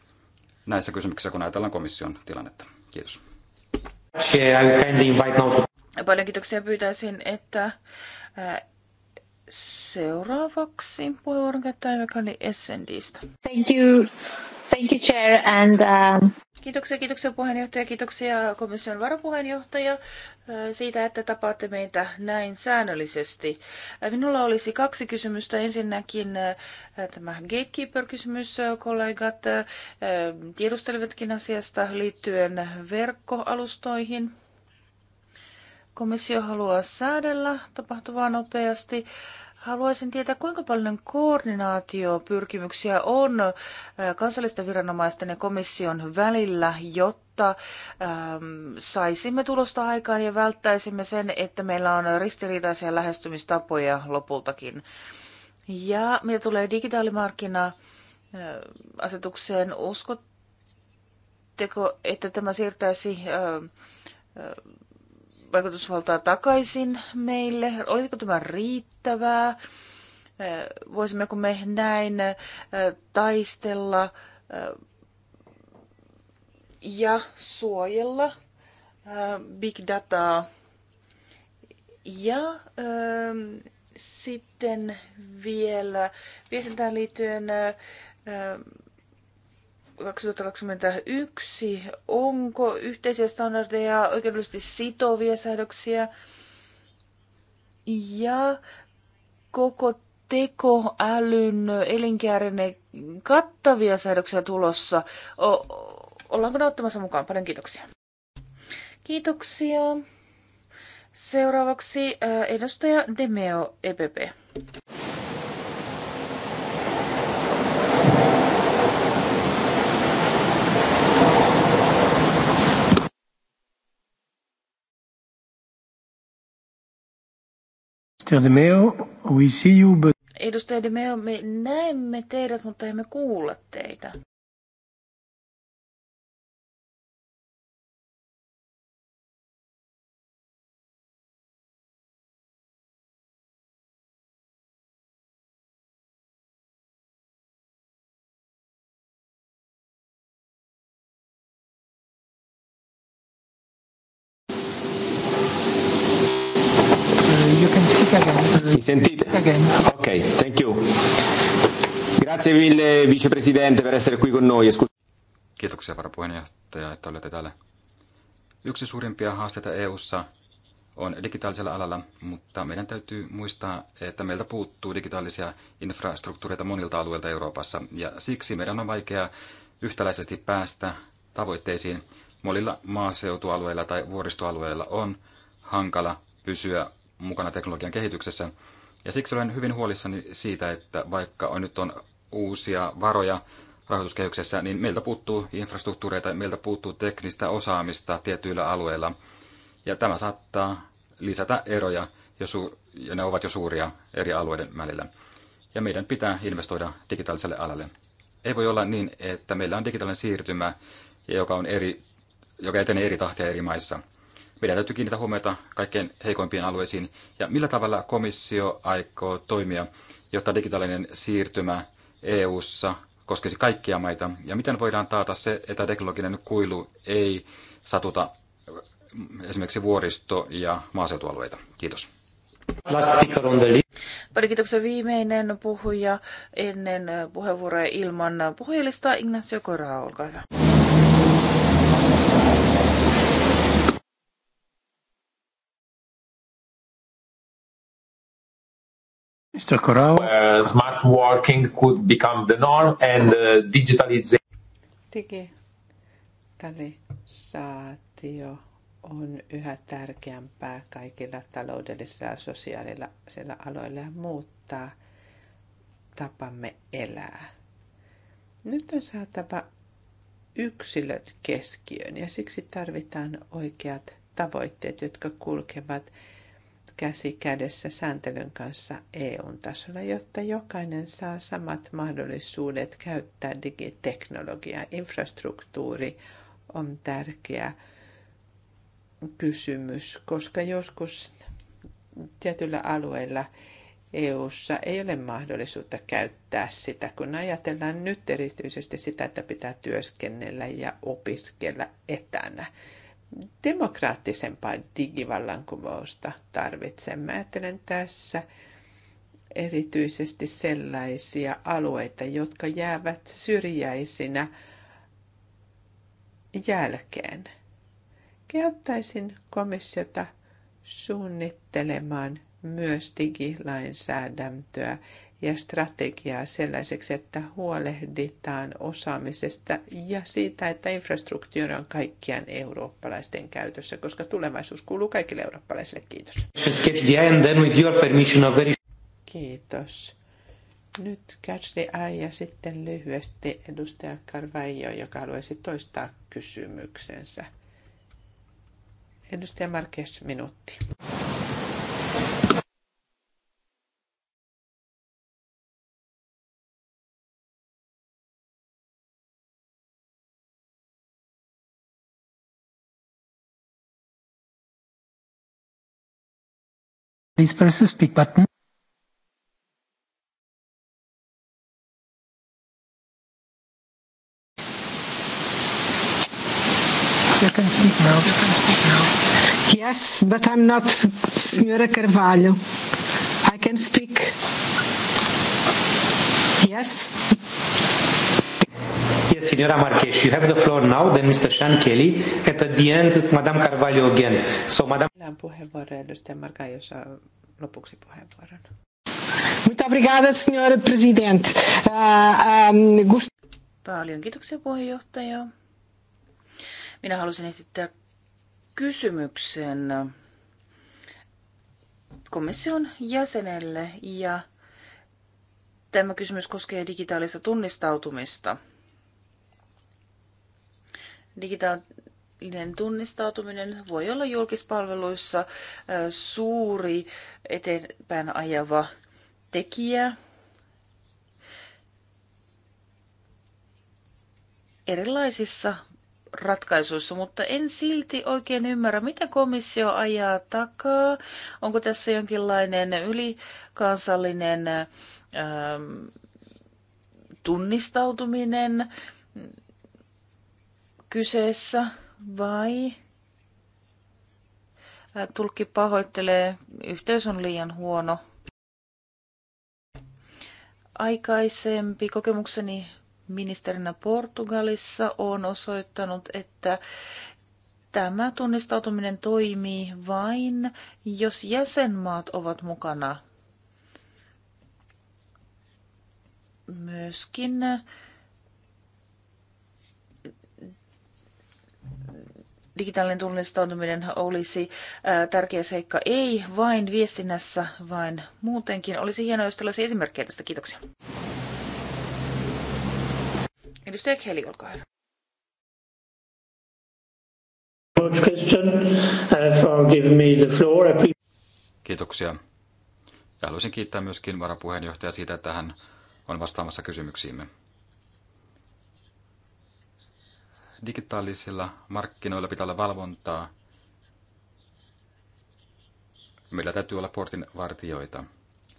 näissä kysymyksissä, kun ajatellaan komission tilannetta. Kiitos. Paljon kiitoksia pyytäisin, että seuraavaksi puheenvuoron käyttää Emekali Essendistä. Thank you. Thank you, Chair, and um... Kiitoksia, kiitoksia puheenjohtaja, kiitoksia komission varapuheenjohtaja siitä, että tapaatte meitä näin säännöllisesti. Minulla olisi kaksi kysymystä. Ensinnäkin tämä gatekeeper-kysymys. Kollegat tiedustelivatkin asiasta liittyen verkkoalustoihin. Komissio haluaa säädellä tapahtuvaa nopeasti. Haluaisin tietää, kuinka paljon koordinaatiopyrkimyksiä on äh, kansallisten viranomaisten ja komission välillä, jotta ähm, saisimme tulosta aikaan ja välttäisimme sen, että meillä on ristiriitaisia lähestymistapoja lopultakin. Ja mitä tulee digitaalimarkkina-asetukseen, äh, uskotteko, että tämä siirtäisi äh, äh vaikutusvaltaa takaisin meille? Olisiko tämä riittävää? Voisimmeko me näin taistella ja suojella big dataa? Ja sitten vielä viestintään liittyen 2021. Onko yhteisiä standardeja, oikeudellisesti sitovia säädöksiä ja koko tekoälyn elinkäärin kattavia säädöksiä tulossa? O- ollaanko ne ottamassa mukaan? Paljon kiitoksia. Kiitoksia. Seuraavaksi edustaja Demeo EPP. Mr. De Meo, we see you, but... Edustaja De Meo, me näemme teidät, mutta emme kuule teitä. Sentite? Ok, thank you. Grazie mille vicepresidente per essere qui con noi. Kiitoksia varapuheenjohtaja, että olette täällä. Yksi suurimpia haasteita EU:ssa on digitaalisella alalla, mutta meidän täytyy muistaa, että meiltä puuttuu digitaalisia infrastruktuureita monilta alueilta Euroopassa, ja siksi meidän on vaikea yhtäläisesti päästä tavoitteisiin. Monilla maaseutualueilla tai vuoristoalueilla on hankala pysyä mukana teknologian kehityksessä, ja siksi olen hyvin huolissani siitä, että vaikka on nyt on uusia varoja rahoituskehyksessä, niin meiltä puuttuu infrastruktuureita, meiltä puuttuu teknistä osaamista tietyillä alueilla. Ja tämä saattaa lisätä eroja, jos, ja ne ovat jo suuria eri alueiden välillä. Ja meidän pitää investoida digitaaliselle alalle. Ei voi olla niin, että meillä on digitaalinen siirtymä, joka, on eri, joka etenee eri tahtia eri maissa meidän täytyy kiinnittää huomiota kaikkein heikoimpiin alueisiin. Ja millä tavalla komissio aikoo toimia, jotta digitaalinen siirtymä EU:ssa koskisi kaikkia maita? Ja miten voidaan taata se, että teknologinen kuilu ei satuta äh, esimerkiksi vuoristo- ja maaseutualueita? Kiitos. Paljon kiitoksia viimeinen puhuja ennen puheenvuoroja ilman puhujalista Ignacio Correa, olkaa hyvä. Mr. Corral. Uh, smart working could become the norm and uh, digitalization. Digitalisaatio on yhä tärkeämpää kaikilla taloudellisilla ja sosiaalisilla aloilla ja muuttaa tapamme elää. Nyt on saatava yksilöt keskiöön ja siksi tarvitaan oikeat tavoitteet, jotka kulkevat – käsi kädessä sääntelyn kanssa EUn tasolla, jotta jokainen saa samat mahdollisuudet käyttää digiteknologiaa. Infrastruktuuri on tärkeä kysymys, koska joskus tietyillä alueilla EU:ssa ei ole mahdollisuutta käyttää sitä, kun ajatellaan nyt erityisesti sitä, että pitää työskennellä ja opiskella etänä demokraattisempaa digivallankumousta tarvitsemme. Ajattelen tässä erityisesti sellaisia alueita, jotka jäävät syrjäisinä jälkeen. Kehottaisin komissiota suunnittelemaan myös digilainsäädäntöä ja strategiaa sellaiseksi, että huolehditaan osaamisesta ja siitä, että infrastruktuuri on kaikkien eurooppalaisten käytössä, koska tulevaisuus kuuluu kaikille eurooppalaisille. Kiitos. Kiitos. Nyt catch the eye ja sitten lyhyesti edustaja Carvajo, joka haluaisi toistaa kysymyksensä. Edustaja Marques, minuutti. Please press the speak button. You can speak now. You can speak now. Yes, but I'm not Senhora Carvalho. I can speak. Yes. Yes, Signora Marques, you have the floor now, then Mr. Sean Kelly. At the end, Madame Carvalho again. So, Madame... Meillä puheenvuoro edustaja Marques, lopuksi puheenvuoron. Muito obrigada, senhora presidente. Uh, ah, um, ah, gust... Paljon kiitoksia puheenjohtaja. Minä halusin esittää kysymyksen komission jäsenelle ja tämä kysymys koskee digitaalista tunnistautumista – digitaalinen tunnistautuminen voi olla julkispalveluissa suuri eteenpäin ajava tekijä. erilaisissa ratkaisuissa, mutta en silti oikein ymmärrä, mitä komissio ajaa takaa. Onko tässä jonkinlainen ylikansallinen ähm, tunnistautuminen? kyseessä vai tulkki pahoittelee, yhteys on liian huono. Aikaisempi kokemukseni ministerinä Portugalissa on osoittanut, että tämä tunnistautuminen toimii vain, jos jäsenmaat ovat mukana. Myöskin digitaalinen tunnistautuminen olisi tärkeä seikka, ei vain viestinnässä, vaan muutenkin. Olisi hienoa, jos tällaisia esimerkkejä tästä. Kiitoksia. Edustaja Kelly, olkaa hyvä. Uh, Kiitoksia. Ja haluaisin kiittää myöskin varapuheenjohtaja siitä, että hän on vastaamassa kysymyksiimme. digitaalisilla markkinoilla pitää olla valvontaa. Meillä täytyy olla portin vartijoita.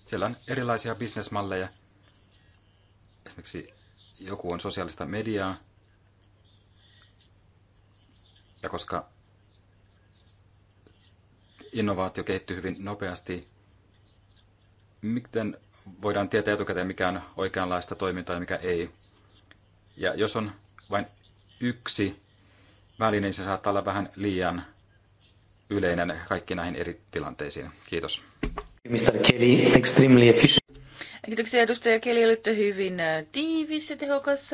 Siellä on erilaisia bisnesmalleja. Esimerkiksi joku on sosiaalista mediaa. Ja koska innovaatio kehittyy hyvin nopeasti, miten voidaan tietää etukäteen, mikä on oikeanlaista toimintaa ja mikä ei. Ja jos on vain yksi väline, se saattaa olla vähän liian yleinen kaikki näihin eri tilanteisiin. Kiitos. Mr. Kelly, extremely efficient. Kiitoksia edustaja Kelly, olitte hyvin äh, tiivis ja tehokas.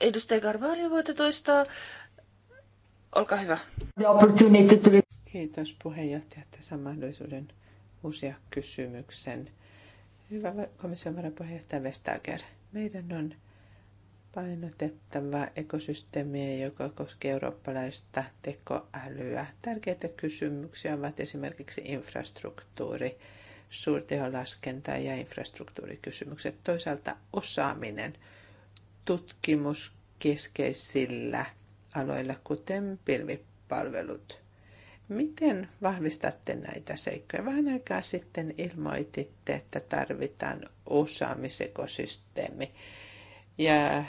Edustaja Garvalio, voitte toistaa. Olkaa hyvä. The opportunity to... Kiitos puheenjohtaja, että saan mahdollisuuden uusia kysymyksen. Hyvä komission varapuheenjohtaja Vestager. Meidän on painotettava ekosysteemiä, joka koskee eurooppalaista tekoälyä. Tärkeitä kysymyksiä ovat esimerkiksi infrastruktuuri, suurteholaskenta ja infrastruktuurikysymykset. Toisaalta osaaminen tutkimuskeskeisillä aloilla, kuten pilvipalvelut. Miten vahvistatte näitä seikkoja? Vähän aikaa sitten ilmoititte, että tarvitaan osaamisekosysteemi ja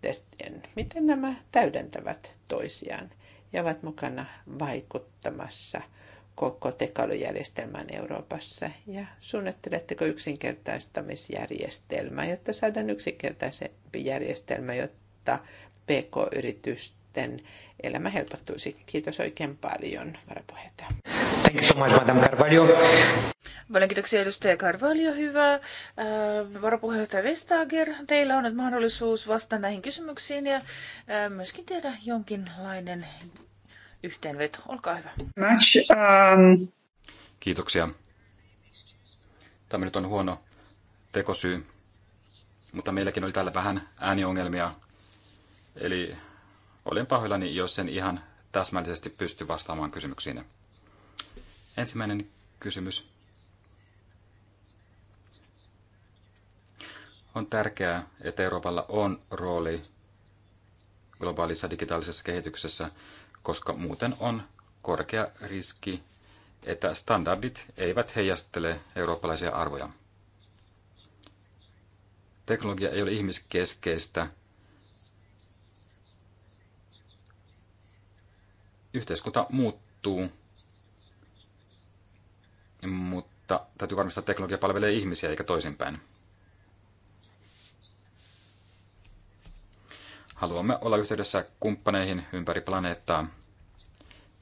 testien, miten nämä täydentävät toisiaan ja ovat mukana vaikuttamassa koko tekoälyjärjestelmään Euroopassa ja suunnitteletteko yksinkertaistamisjärjestelmää, jotta saadaan yksinkertaisempi järjestelmä, jotta PK-yritysten sitten elämä helpottuisi. Kiitos oikein paljon, varapuheenjohtaja. Thank you so much, Madame Carvalho. Paljon kiitoksia edustaja Carvalho, hyvä. Äh, varapuheenjohtaja Vestager, teillä on nyt mahdollisuus vastata näihin kysymyksiin ja äh, myöskin tehdä jonkinlainen yhteenveto. Olkaa hyvä. Much, um... Kiitoksia. Tämä nyt on huono tekosyy, mutta meilläkin oli täällä vähän ääniongelmia. Eli olen pahoillani, jos sen ihan täsmällisesti pysty vastaamaan kysymyksiin. Ensimmäinen kysymys. On tärkeää, että Euroopalla on rooli globaalissa digitaalisessa kehityksessä, koska muuten on korkea riski, että standardit eivät heijastele eurooppalaisia arvoja. Teknologia ei ole ihmiskeskeistä, Yhteiskunta muuttuu, mutta täytyy varmistaa, että teknologia palvelee ihmisiä eikä toisinpäin. Haluamme olla yhteydessä kumppaneihin ympäri planeettaa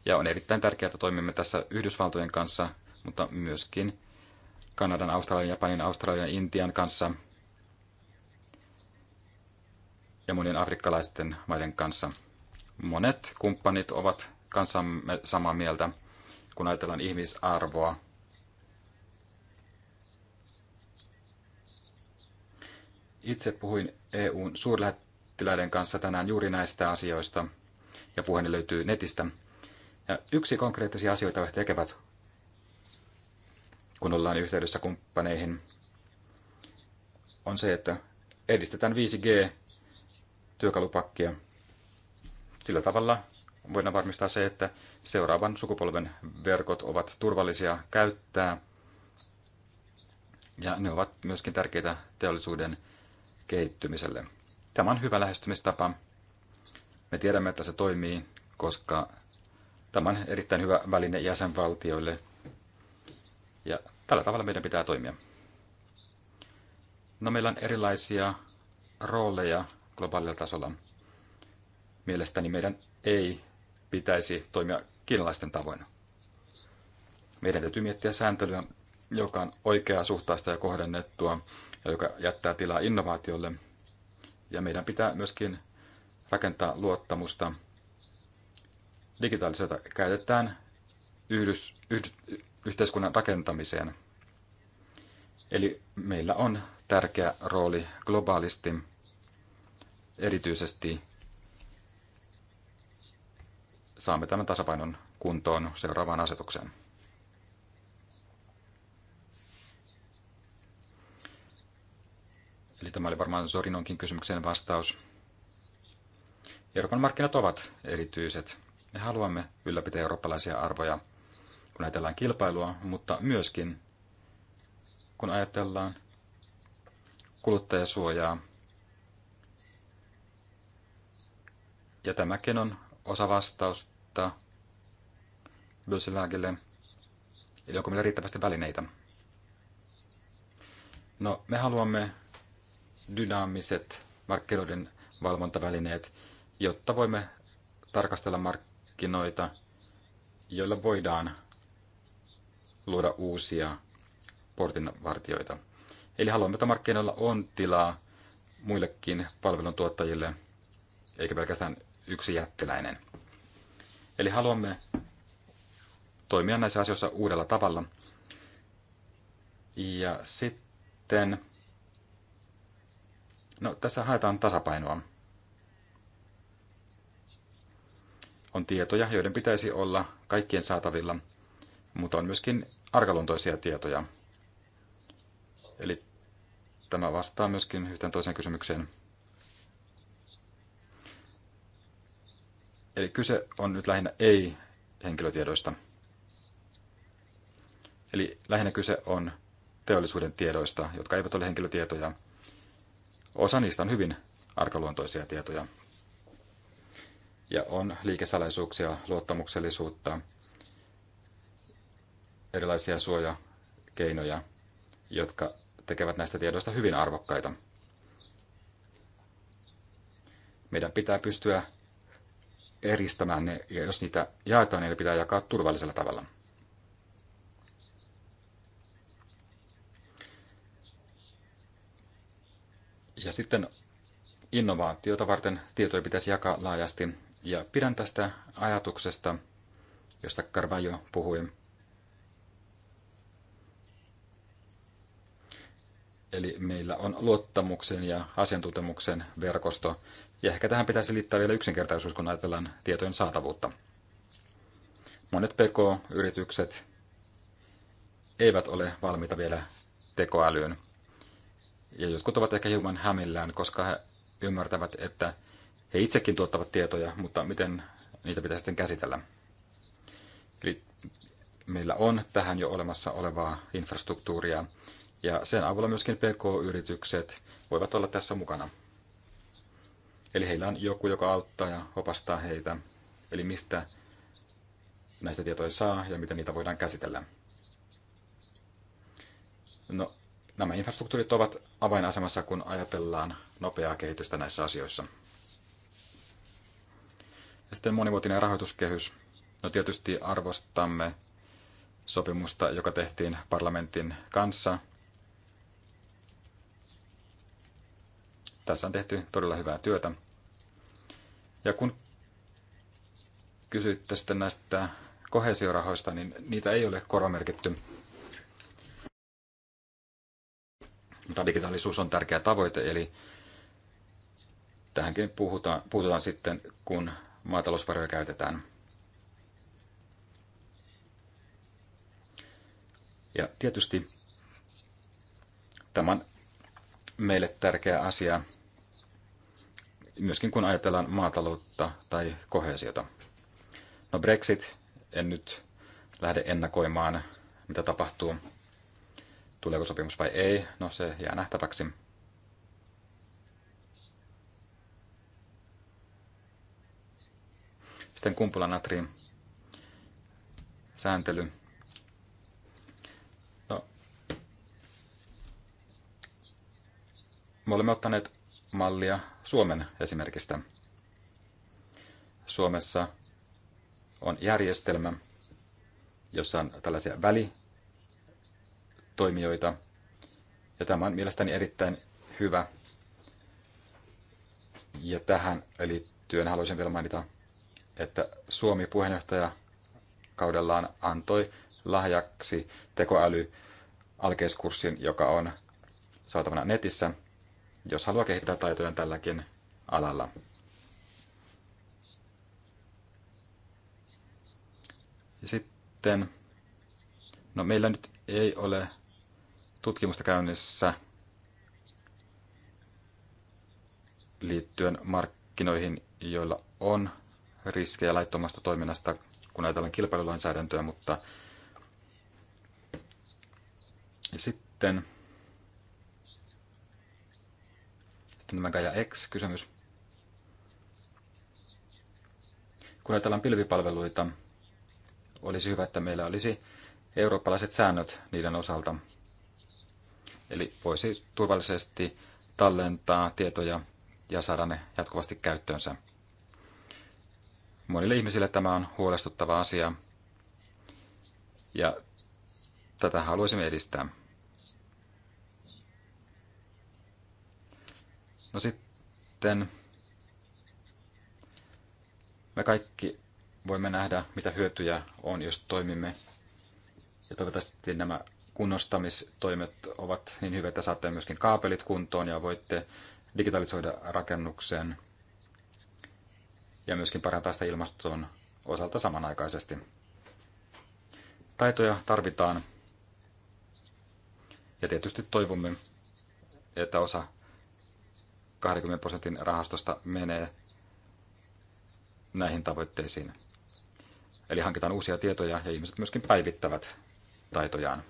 ja on erittäin tärkeää, että toimimme tässä Yhdysvaltojen kanssa, mutta myöskin Kanadan, Australian, Japanin, Australian, Intian kanssa ja monien afrikkalaisten maiden kanssa. Monet kumppanit ovat kanssamme samaa mieltä, kun ajatellaan ihmisarvoa. Itse puhuin EUn suurlähettiläiden kanssa tänään juuri näistä asioista, ja puheeni löytyy netistä. Ja yksi konkreettisia asioita he tekevät, kun ollaan yhteydessä kumppaneihin, on se, että edistetään 5G-työkalupakkia. Sillä tavalla voidaan varmistaa se, että seuraavan sukupolven verkot ovat turvallisia käyttää ja ne ovat myöskin tärkeitä teollisuuden kehittymiselle. Tämä on hyvä lähestymistapa. Me tiedämme, että se toimii, koska tämä on erittäin hyvä väline jäsenvaltioille. Ja tällä tavalla meidän pitää toimia. No, meillä on erilaisia rooleja globaalilla tasolla. Mielestäni meidän ei pitäisi toimia kiinalaisten tavoin. Meidän täytyy miettiä sääntelyä, joka on oikeaa suhtaista ja kohdennettua ja joka jättää tilaa innovaatiolle. Ja meidän pitää myöskin rakentaa luottamusta. Digitaalisuutta käytetään yhdys, yhdys, yhteiskunnan rakentamiseen. Eli meillä on tärkeä rooli globaalisti, erityisesti saamme tämän tasapainon kuntoon seuraavaan asetukseen. Eli tämä oli varmaan Zorinonkin kysymykseen vastaus. Euroopan markkinat ovat erityiset. Me haluamme ylläpitää eurooppalaisia arvoja, kun ajatellaan kilpailua, mutta myöskin kun ajatellaan kuluttajasuojaa. Ja tämäkin on osa vastausta tarjota Böselääkille, eli onko meillä riittävästi välineitä. No, me haluamme dynaamiset markkinoiden valvontavälineet, jotta voimme tarkastella markkinoita, joilla voidaan luoda uusia portinvartioita. Eli haluamme, että markkinoilla on tilaa muillekin palveluntuottajille, eikä pelkästään yksi jättiläinen. Eli haluamme toimia näissä asioissa uudella tavalla. Ja sitten, no tässä haetaan tasapainoa. On tietoja, joiden pitäisi olla kaikkien saatavilla, mutta on myöskin arkaluontoisia tietoja. Eli tämä vastaa myöskin yhteen toiseen kysymykseen. Eli kyse on nyt lähinnä ei-henkilötiedoista. Eli lähinnä kyse on teollisuuden tiedoista, jotka eivät ole henkilötietoja. Osa niistä on hyvin arkaluontoisia tietoja. Ja on liikesalaisuuksia, luottamuksellisuutta, erilaisia suojakeinoja, jotka tekevät näistä tiedoista hyvin arvokkaita. Meidän pitää pystyä eristämään ne, ja jos niitä jaetaan, niin ne pitää jakaa turvallisella tavalla. Ja sitten innovaatiota varten tietoja pitäisi jakaa laajasti. Ja pidän tästä ajatuksesta, josta Carvalho puhui. Eli meillä on luottamuksen ja asiantuntemuksen verkosto, ja ehkä tähän pitäisi liittää vielä yksinkertaisuus, kun ajatellaan tietojen saatavuutta. Monet PK-yritykset eivät ole valmiita vielä tekoälyyn. Ja jotkut ovat ehkä hieman hämillään, koska he ymmärtävät, että he itsekin tuottavat tietoja, mutta miten niitä pitäisi sitten käsitellä. Eli meillä on tähän jo olemassa olevaa infrastruktuuria, ja sen avulla myöskin PK-yritykset voivat olla tässä mukana. Eli heillä on joku, joka auttaa ja opastaa heitä. Eli mistä näistä tietoja saa ja miten niitä voidaan käsitellä. No, nämä infrastruktuurit ovat avainasemassa, kun ajatellaan nopeaa kehitystä näissä asioissa. Ja sitten monivuotinen rahoituskehys. No tietysti arvostamme sopimusta, joka tehtiin parlamentin kanssa. Tässä on tehty todella hyvää työtä. Ja kun kysyitte sitten näistä kohesiorahoista, niin niitä ei ole korvamerkitty. Mutta digitaalisuus on tärkeä tavoite, eli tähänkin puhutaan, puhutaan sitten, kun maatalousvaroja käytetään. Ja tietysti tämä on meille tärkeä asia – myöskin kun ajatellaan maataloutta tai kohesiota. No Brexit, en nyt lähde ennakoimaan, mitä tapahtuu. Tuleeko sopimus vai ei, no se jää nähtäväksi. Sitten kumpulanatri, sääntely. No, me olemme ottaneet mallia Suomen esimerkistä. Suomessa on järjestelmä, jossa on tällaisia välitoimijoita, ja tämä on mielestäni erittäin hyvä. Ja tähän liittyen haluaisin vielä mainita, että Suomi puheenjohtaja kaudellaan antoi lahjaksi tekoäly alkeiskurssin, joka on saatavana netissä jos haluaa kehittää taitoja tälläkin alalla. Ja sitten, no meillä nyt ei ole tutkimusta käynnissä liittyen markkinoihin, joilla on riskejä laittomasta toiminnasta, kun ajatellaan kilpailulainsäädäntöä, mutta ja sitten Sitten tämä Gaia X-kysymys. Kun ajatellaan pilvipalveluita, olisi hyvä, että meillä olisi eurooppalaiset säännöt niiden osalta. Eli voisi turvallisesti tallentaa tietoja ja saada ne jatkuvasti käyttöönsä. Monille ihmisille tämä on huolestuttava asia ja tätä haluaisimme edistää. No sitten me kaikki voimme nähdä, mitä hyötyjä on, jos toimimme. Ja toivottavasti nämä kunnostamistoimet ovat niin hyvät, että saatte myöskin kaapelit kuntoon ja voitte digitalisoida rakennuksen ja myöskin parantaa sitä ilmastoon osalta samanaikaisesti. Taitoja tarvitaan ja tietysti toivomme, että osa 20 prosentin rahastosta menee näihin tavoitteisiin. Eli hankitaan uusia tietoja ja ihmiset myöskin päivittävät taitojaan.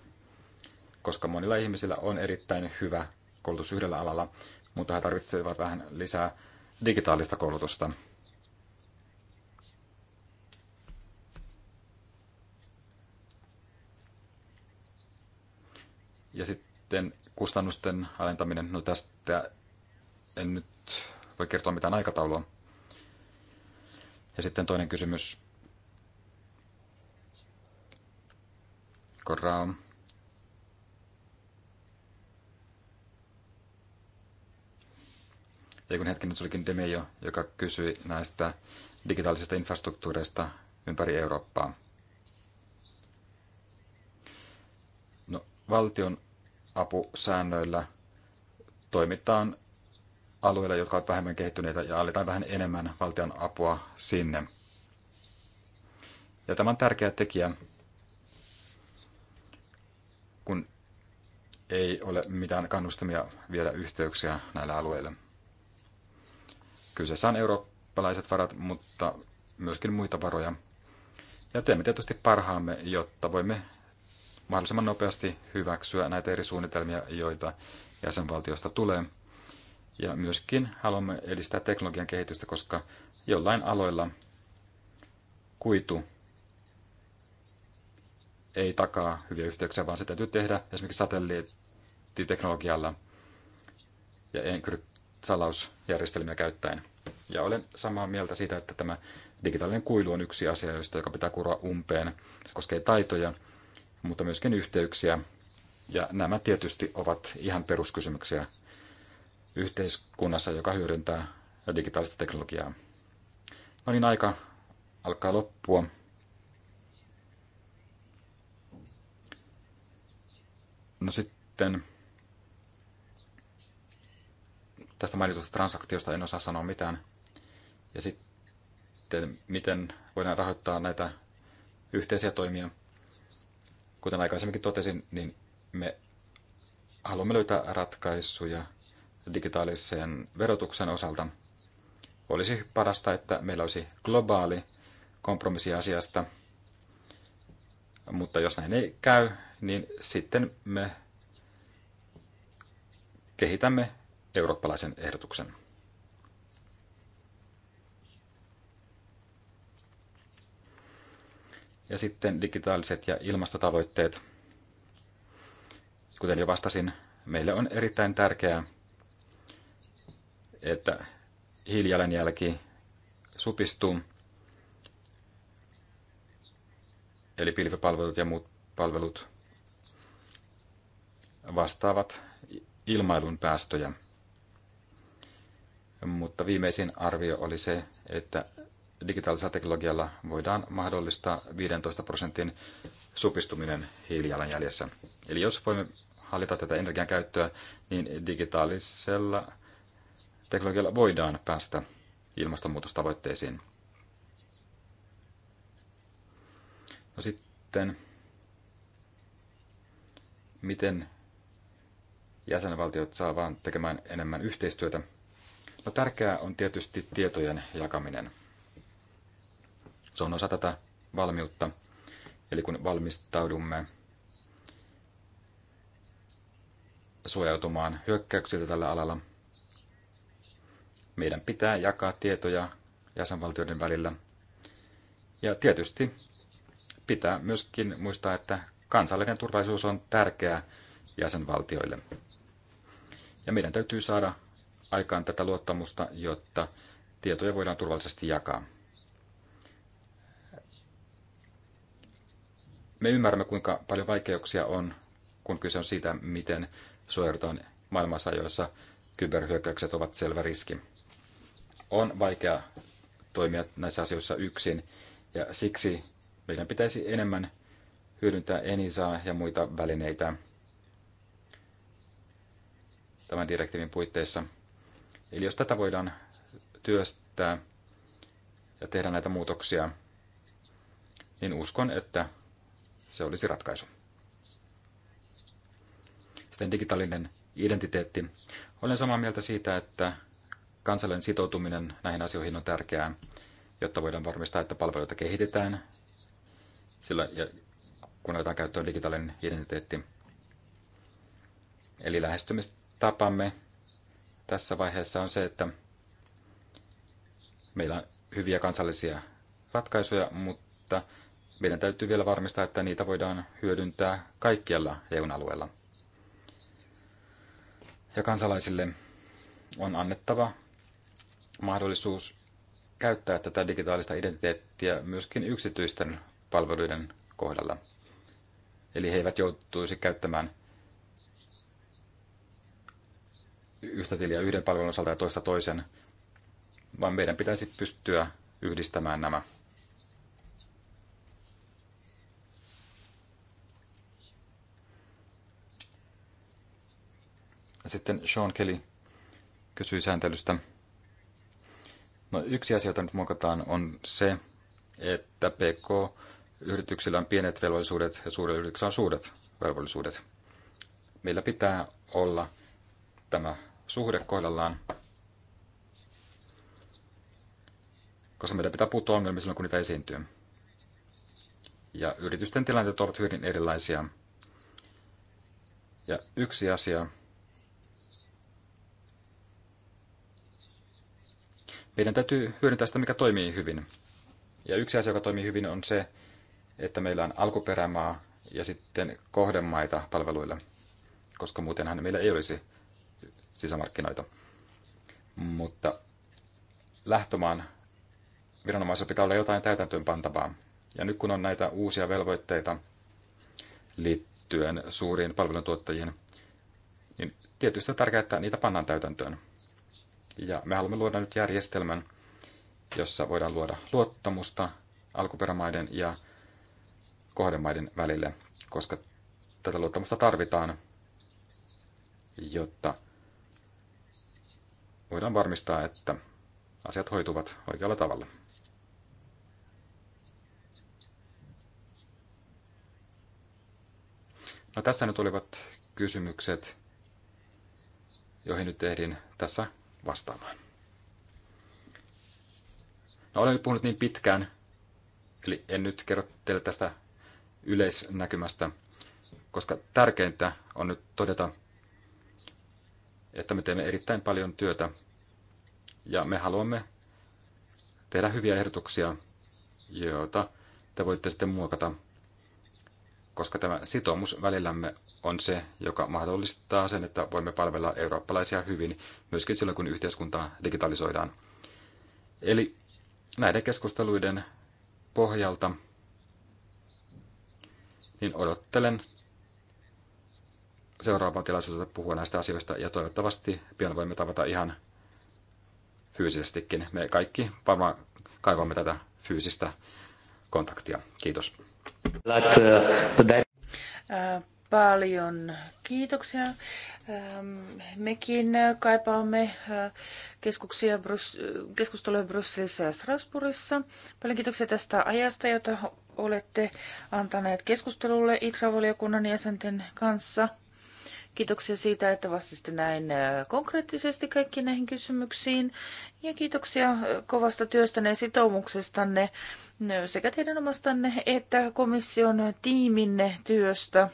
Koska monilla ihmisillä on erittäin hyvä koulutus yhdellä alalla, mutta he tarvitsevat vähän lisää digitaalista koulutusta. Ja sitten kustannusten alentaminen, no tästä en nyt voi kertoa mitään aikataulua. Ja sitten toinen kysymys. Korraa. Ei kun hetki nyt olikin Demio, joka kysyi näistä digitaalisista infrastruktuureista ympäri Eurooppaa. No, valtion apusäännöillä toimitaan alueilla, jotka ovat vähemmän kehittyneitä ja annetaan vähän enemmän valtion apua sinne. Ja tämä on tärkeä tekijä, kun ei ole mitään kannustamia viedä yhteyksiä näillä alueilla. Kyseessä on eurooppalaiset varat, mutta myöskin muita varoja. Ja teemme tietysti parhaamme, jotta voimme mahdollisimman nopeasti hyväksyä näitä eri suunnitelmia, joita jäsenvaltiosta tulee – ja myöskin haluamme edistää teknologian kehitystä, koska jollain aloilla kuitu ei takaa hyviä yhteyksiä, vaan se täytyy tehdä esimerkiksi satelliittiteknologialla ja enkryt-salausjärjestelmiä käyttäen. Ja olen samaa mieltä siitä, että tämä digitaalinen kuilu on yksi asia, josta joka pitää kuroa umpeen. Se koskee taitoja, mutta myöskin yhteyksiä. Ja nämä tietysti ovat ihan peruskysymyksiä yhteiskunnassa, joka hyödyntää digitaalista teknologiaa. No niin, aika alkaa loppua. No sitten tästä mainitusta transaktiosta en osaa sanoa mitään. Ja sitten miten voidaan rahoittaa näitä yhteisiä toimia. Kuten aikaisemminkin totesin, niin me haluamme löytää ratkaisuja digitaalisen verotuksen osalta. Olisi parasta, että meillä olisi globaali kompromissi asiasta, mutta jos näin ei käy, niin sitten me kehitämme eurooppalaisen ehdotuksen. Ja sitten digitaaliset ja ilmastotavoitteet. Kuten jo vastasin, meille on erittäin tärkeää, että hiilijalanjälki supistuu, eli pilvipalvelut ja muut palvelut vastaavat ilmailun päästöjä. Mutta viimeisin arvio oli se, että digitaalisella teknologialla voidaan mahdollistaa 15 prosentin supistuminen hiilijalanjäljessä. Eli jos voimme hallita tätä energian käyttöä, niin digitaalisella teknologialla voidaan päästä ilmastonmuutostavoitteisiin. No sitten, miten jäsenvaltiot saa vaan tekemään enemmän yhteistyötä? No tärkeää on tietysti tietojen jakaminen. Se on osa tätä valmiutta. Eli kun valmistaudumme suojautumaan hyökkäyksiltä tällä alalla, meidän pitää jakaa tietoja jäsenvaltioiden välillä. Ja tietysti pitää myöskin muistaa, että kansallinen turvallisuus on tärkeää jäsenvaltioille. Ja meidän täytyy saada aikaan tätä luottamusta, jotta tietoja voidaan turvallisesti jakaa. Me ymmärrämme, kuinka paljon vaikeuksia on, kun kyse on siitä, miten suojataan maailmassa, joissa kyberhyökkäykset ovat selvä riski on vaikea toimia näissä asioissa yksin, ja siksi meidän pitäisi enemmän hyödyntää Enisaa ja muita välineitä tämän direktiivin puitteissa. Eli jos tätä voidaan työstää ja tehdä näitä muutoksia, niin uskon, että se olisi ratkaisu. Sitten digitaalinen identiteetti. Olen samaa mieltä siitä, että kansallinen sitoutuminen näihin asioihin on tärkeää, jotta voidaan varmistaa, että palveluita kehitetään, sillä, ja kun otetaan käyttöön digitaalinen identiteetti. Eli lähestymistapamme tässä vaiheessa on se, että meillä on hyviä kansallisia ratkaisuja, mutta meidän täytyy vielä varmistaa, että niitä voidaan hyödyntää kaikkialla eu alueella. Ja kansalaisille on annettava mahdollisuus käyttää tätä digitaalista identiteettiä myöskin yksityisten palveluiden kohdalla. Eli he eivät joutuisi käyttämään yhtä tiliä yhden palvelun osalta ja toista toisen, vaan meidän pitäisi pystyä yhdistämään nämä. Sitten Sean Kelly kysyi sääntelystä. No, yksi asia, jota nyt muokataan, on se, että PK-yrityksillä on pienet velvollisuudet ja suurilla yrityksillä on suuret velvollisuudet. Meillä pitää olla tämä suhde kohdallaan, koska meidän pitää puuttua ongelmiin silloin, kun niitä esiintyy. Ja yritysten tilanteet ovat hyvin erilaisia. Ja yksi asia, meidän täytyy hyödyntää sitä, mikä toimii hyvin. Ja yksi asia, joka toimii hyvin, on se, että meillä on alkuperämaa ja sitten kohdemaita palveluilla, koska muutenhan meillä ei olisi sisämarkkinoita. Mutta lähtömaan viranomaisilla pitää olla jotain täytäntöönpantavaa. Ja nyt kun on näitä uusia velvoitteita liittyen suuriin palveluntuottajiin, niin tietysti on tärkeää, että niitä pannaan täytäntöön. Ja me haluamme luoda nyt järjestelmän, jossa voidaan luoda luottamusta alkuperämaiden ja kohdemaiden välille, koska tätä luottamusta tarvitaan, jotta voidaan varmistaa, että asiat hoituvat oikealla tavalla. No tässä nyt olivat kysymykset, joihin nyt ehdin tässä vastaamaan. No olen nyt puhunut niin pitkään, eli en nyt kerro teille tästä yleisnäkymästä, koska tärkeintä on nyt todeta, että me teemme erittäin paljon työtä ja me haluamme tehdä hyviä ehdotuksia, joita te voitte sitten muokata koska tämä sitoumus välillämme on se, joka mahdollistaa sen, että voimme palvella eurooppalaisia hyvin myöskin silloin, kun yhteiskuntaa digitalisoidaan. Eli näiden keskusteluiden pohjalta niin odottelen seuraavaa tilaisuutta puhua näistä asioista ja toivottavasti pian voimme tavata ihan fyysisestikin. Me kaikki varmaan kaivamme tätä fyysistä kontaktia. Kiitos. Paljon kiitoksia. Ähm, mekin kaipaamme äh, keskuksia Brys- keskusteluja Brysselissä ja Strasbourgissa. Paljon kiitoksia tästä ajasta, jota olette antaneet keskustelulle itra jäsenten kanssa. Kiitoksia siitä, että vastasitte näin äh, konkreettisesti kaikkiin näihin kysymyksiin. Ja kiitoksia äh, kovasta työstänne ja sitoumuksestanne äh, sekä teidän omastanne että komission tiiminne työstä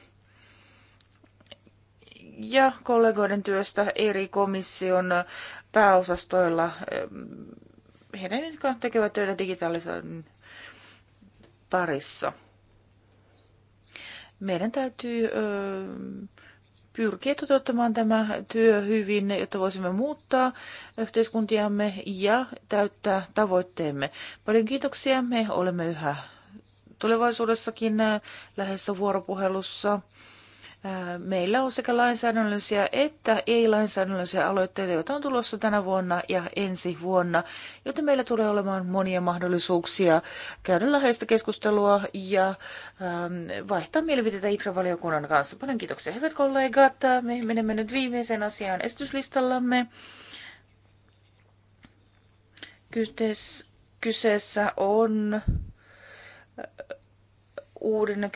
ja kollegoiden työstä eri komission pääosastoilla. Heidän, jotka tekevät töitä digitaalisen parissa. Meidän täytyy pyrkiä toteuttamaan tämä työ hyvin, jotta voisimme muuttaa yhteiskuntiamme ja täyttää tavoitteemme. Paljon kiitoksia. Me olemme yhä tulevaisuudessakin äh, lähes vuoropuhelussa Meillä on sekä lainsäädännöllisiä että ei-lainsäädännöllisiä aloitteita, joita on tulossa tänä vuonna ja ensi vuonna, joten meillä tulee olemaan monia mahdollisuuksia käydä läheistä keskustelua ja vaihtaa mielipiteitä ITRA-valiokunnan kanssa. Paljon kiitoksia, hyvät kollegat. Me menemme nyt viimeiseen asiaan esityslistallamme. Kyseessä on uuden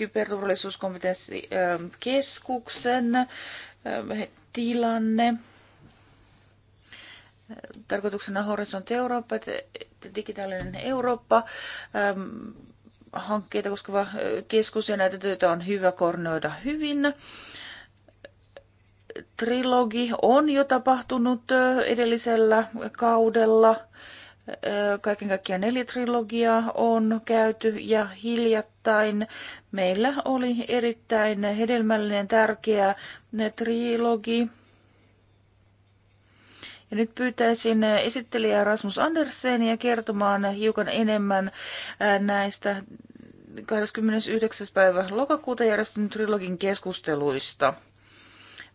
keskuksen eh, tilanne. Eh, tarkoituksena Horizon Eurooppa, digitaalinen Eurooppa, eh, hankkeita koskeva keskus ja näitä töitä on hyvä koordinoida hyvin trilogi on jo tapahtunut edellisellä kaudella Kaiken kaikkiaan neljä trilogiaa on käyty ja hiljattain meillä oli erittäin hedelmällinen tärkeä trilogi. Ja nyt pyytäisin esittelijä Rasmus Andersenia kertomaan hiukan enemmän näistä 29. päivä lokakuuta järjestyn trilogin keskusteluista.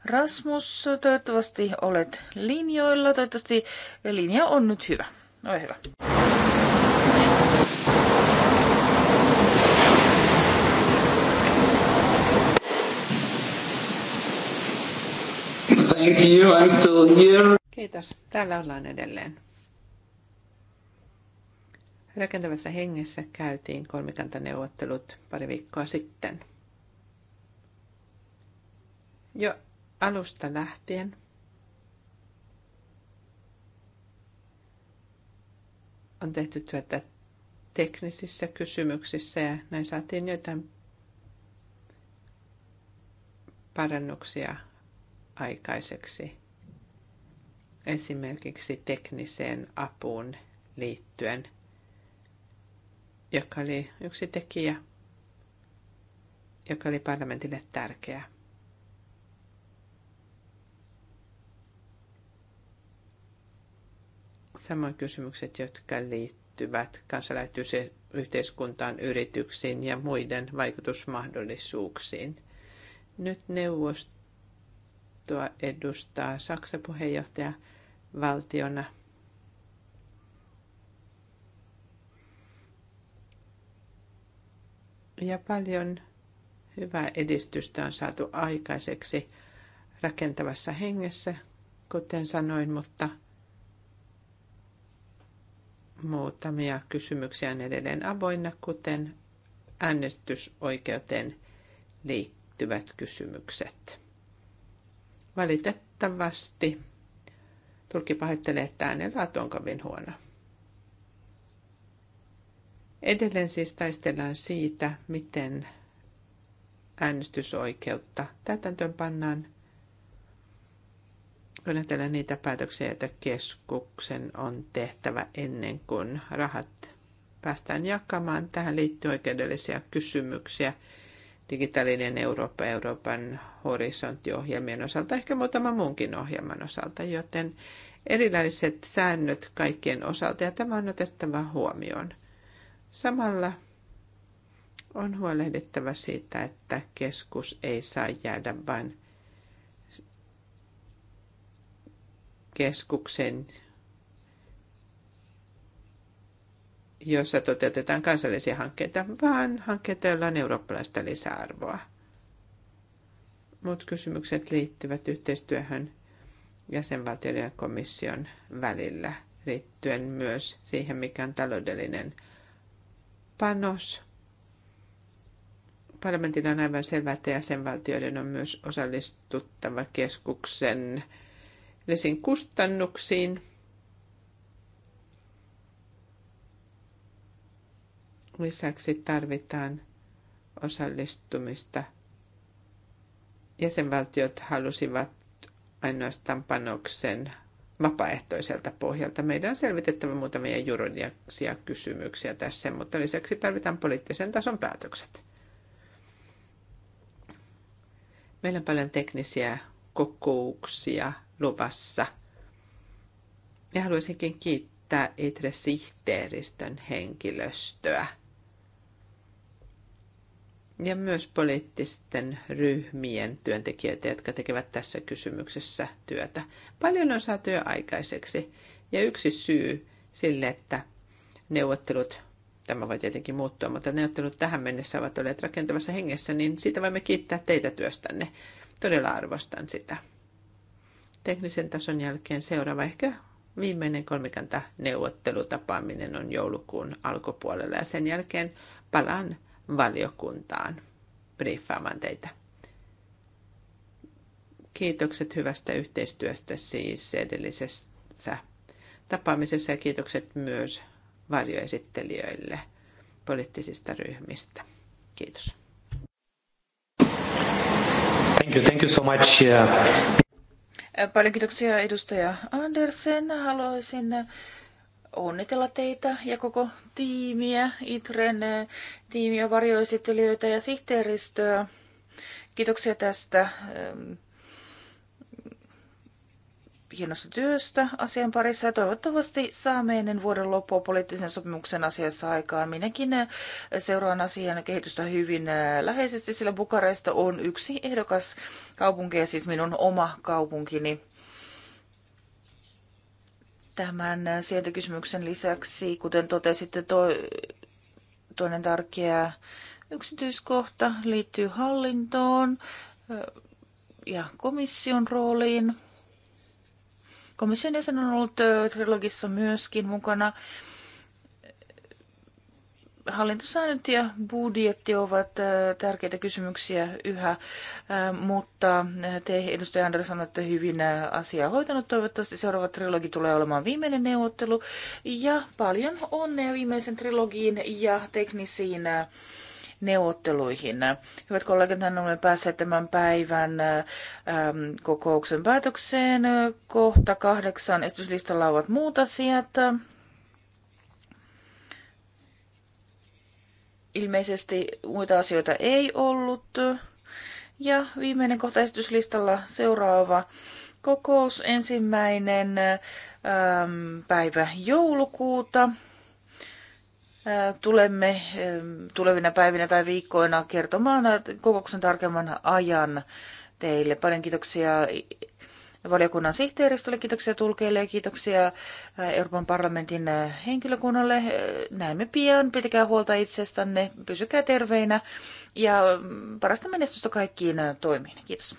Rasmus, toivottavasti olet linjoilla. Toivottavasti linja on nyt hyvä. No niin, hyvä. Thank you, I'm still here. Kiitos, täällä ollaan edelleen. Rakentavassa hengessä käytiin kolmikantaneuvottelut pari viikkoa sitten. Jo alusta lähtien on tehty työtä teknisissä kysymyksissä ja näin saatiin joitain parannuksia aikaiseksi esimerkiksi tekniseen apuun liittyen, joka oli yksi tekijä, joka oli parlamentille tärkeä. Samoin kysymykset, jotka liittyvät kansalaisyhteiskuntaan, yrityksiin ja muiden vaikutusmahdollisuuksiin. Nyt neuvostoa edustaa Saksa puheenjohtaja valtiona. Ja paljon hyvää edistystä on saatu aikaiseksi rakentavassa hengessä, kuten sanoin, mutta – Muutamia kysymyksiä on edelleen avoinna, kuten äänestysoikeuteen liittyvät kysymykset. Valitettavasti tulkki pahoittelee, että äänenlaatu on kovin huono. Edelleen siis taistellaan siitä, miten äänestysoikeutta täytäntöön pannaan – kun ajatellaan niitä päätöksiä, joita keskuksen on tehtävä ennen kuin rahat päästään jakamaan. Tähän liittyy oikeudellisia kysymyksiä. Digitaalinen Eurooppa, Euroopan horisonttiohjelmien osalta, ehkä muutama muunkin ohjelman osalta, joten erilaiset säännöt kaikkien osalta ja tämä on otettava huomioon. Samalla on huolehdittava siitä, että keskus ei saa jäädä vain keskuksen, jossa toteutetaan kansallisia hankkeita, vaan hankkeita, joilla on eurooppalaista lisäarvoa. Muut kysymykset liittyvät yhteistyöhön jäsenvaltioiden ja komission välillä, liittyen myös siihen, mikä on taloudellinen panos. Parlamentilla on aivan selvää, että jäsenvaltioiden on myös osallistuttava keskuksen lisin kustannuksiin. Lisäksi tarvitaan osallistumista. Jäsenvaltiot halusivat ainoastaan panoksen vapaaehtoiselta pohjalta. Meidän on selvitettävä muutamia juridisia kysymyksiä tässä, mutta lisäksi tarvitaan poliittisen tason päätökset. Meillä on paljon teknisiä kokouksia luvassa. Ja haluaisinkin kiittää ITRE-sihteeristön henkilöstöä ja myös poliittisten ryhmien työntekijöitä, jotka tekevät tässä kysymyksessä työtä. Paljon on saatu jo aikaiseksi ja yksi syy sille, että neuvottelut, tämä voi tietenkin muuttua, mutta neuvottelut tähän mennessä ovat olleet rakentavassa hengessä, niin siitä voimme kiittää teitä työstänne. Todella arvostan sitä teknisen tason jälkeen seuraava ehkä viimeinen kolmikanta neuvottelutapaaminen on joulukuun alkupuolella ja sen jälkeen palaan valiokuntaan briefaamaan teitä. Kiitokset hyvästä yhteistyöstä siis edellisessä tapaamisessa ja kiitokset myös varjoesittelijöille poliittisista ryhmistä. Kiitos. Thank you, thank you so much. Uh, Paljon kiitoksia edustaja Andersen. Haluaisin onnitella teitä ja koko tiimiä, ITREN tiimiä, varjoesittelijöitä ja sihteeristöä. Kiitoksia tästä hienosta työstä asian parissa ja toivottavasti saamme ennen vuoden loppua poliittisen sopimuksen asiassa aikaan. Minäkin äh, seuraan asian kehitystä hyvin äh, läheisesti, sillä Bukaresta on yksi ehdokas kaupunki ja siis minun oma kaupunkini. Tämän äh, sieltäkysymyksen lisäksi, kuten totesitte, to, toinen tärkeä yksityiskohta liittyy hallintoon ja komission rooliin. Komission jäsen on ollut trilogissa myöskin mukana. Hallintosäännöt ja budjetti ovat tärkeitä kysymyksiä yhä, mutta te edustaja Andersson olette hyvin asiaa hoitanut. Toivottavasti seuraava trilogi tulee olemaan viimeinen neuvottelu ja paljon onnea viimeisen trilogiin ja teknisiin neuvotteluihin. Hyvät kollegat, hän olemme päässeet tämän päivän ähm, kokouksen päätökseen. Kohta kahdeksan esityslistalla ovat muut asiat. Ilmeisesti muita asioita ei ollut. Ja viimeinen kohta esityslistalla seuraava kokous ensimmäinen ähm, päivä joulukuuta tulemme tulevina päivinä tai viikkoina kertomaan kokouksen tarkemman ajan teille. Paljon kiitoksia valiokunnan sihteeristölle, kiitoksia tulkeille ja kiitoksia Euroopan parlamentin henkilökunnalle. Näemme pian, pitäkää huolta itsestänne, pysykää terveinä ja mm, parasta menestystä kaikkiin toimiin. Kiitos.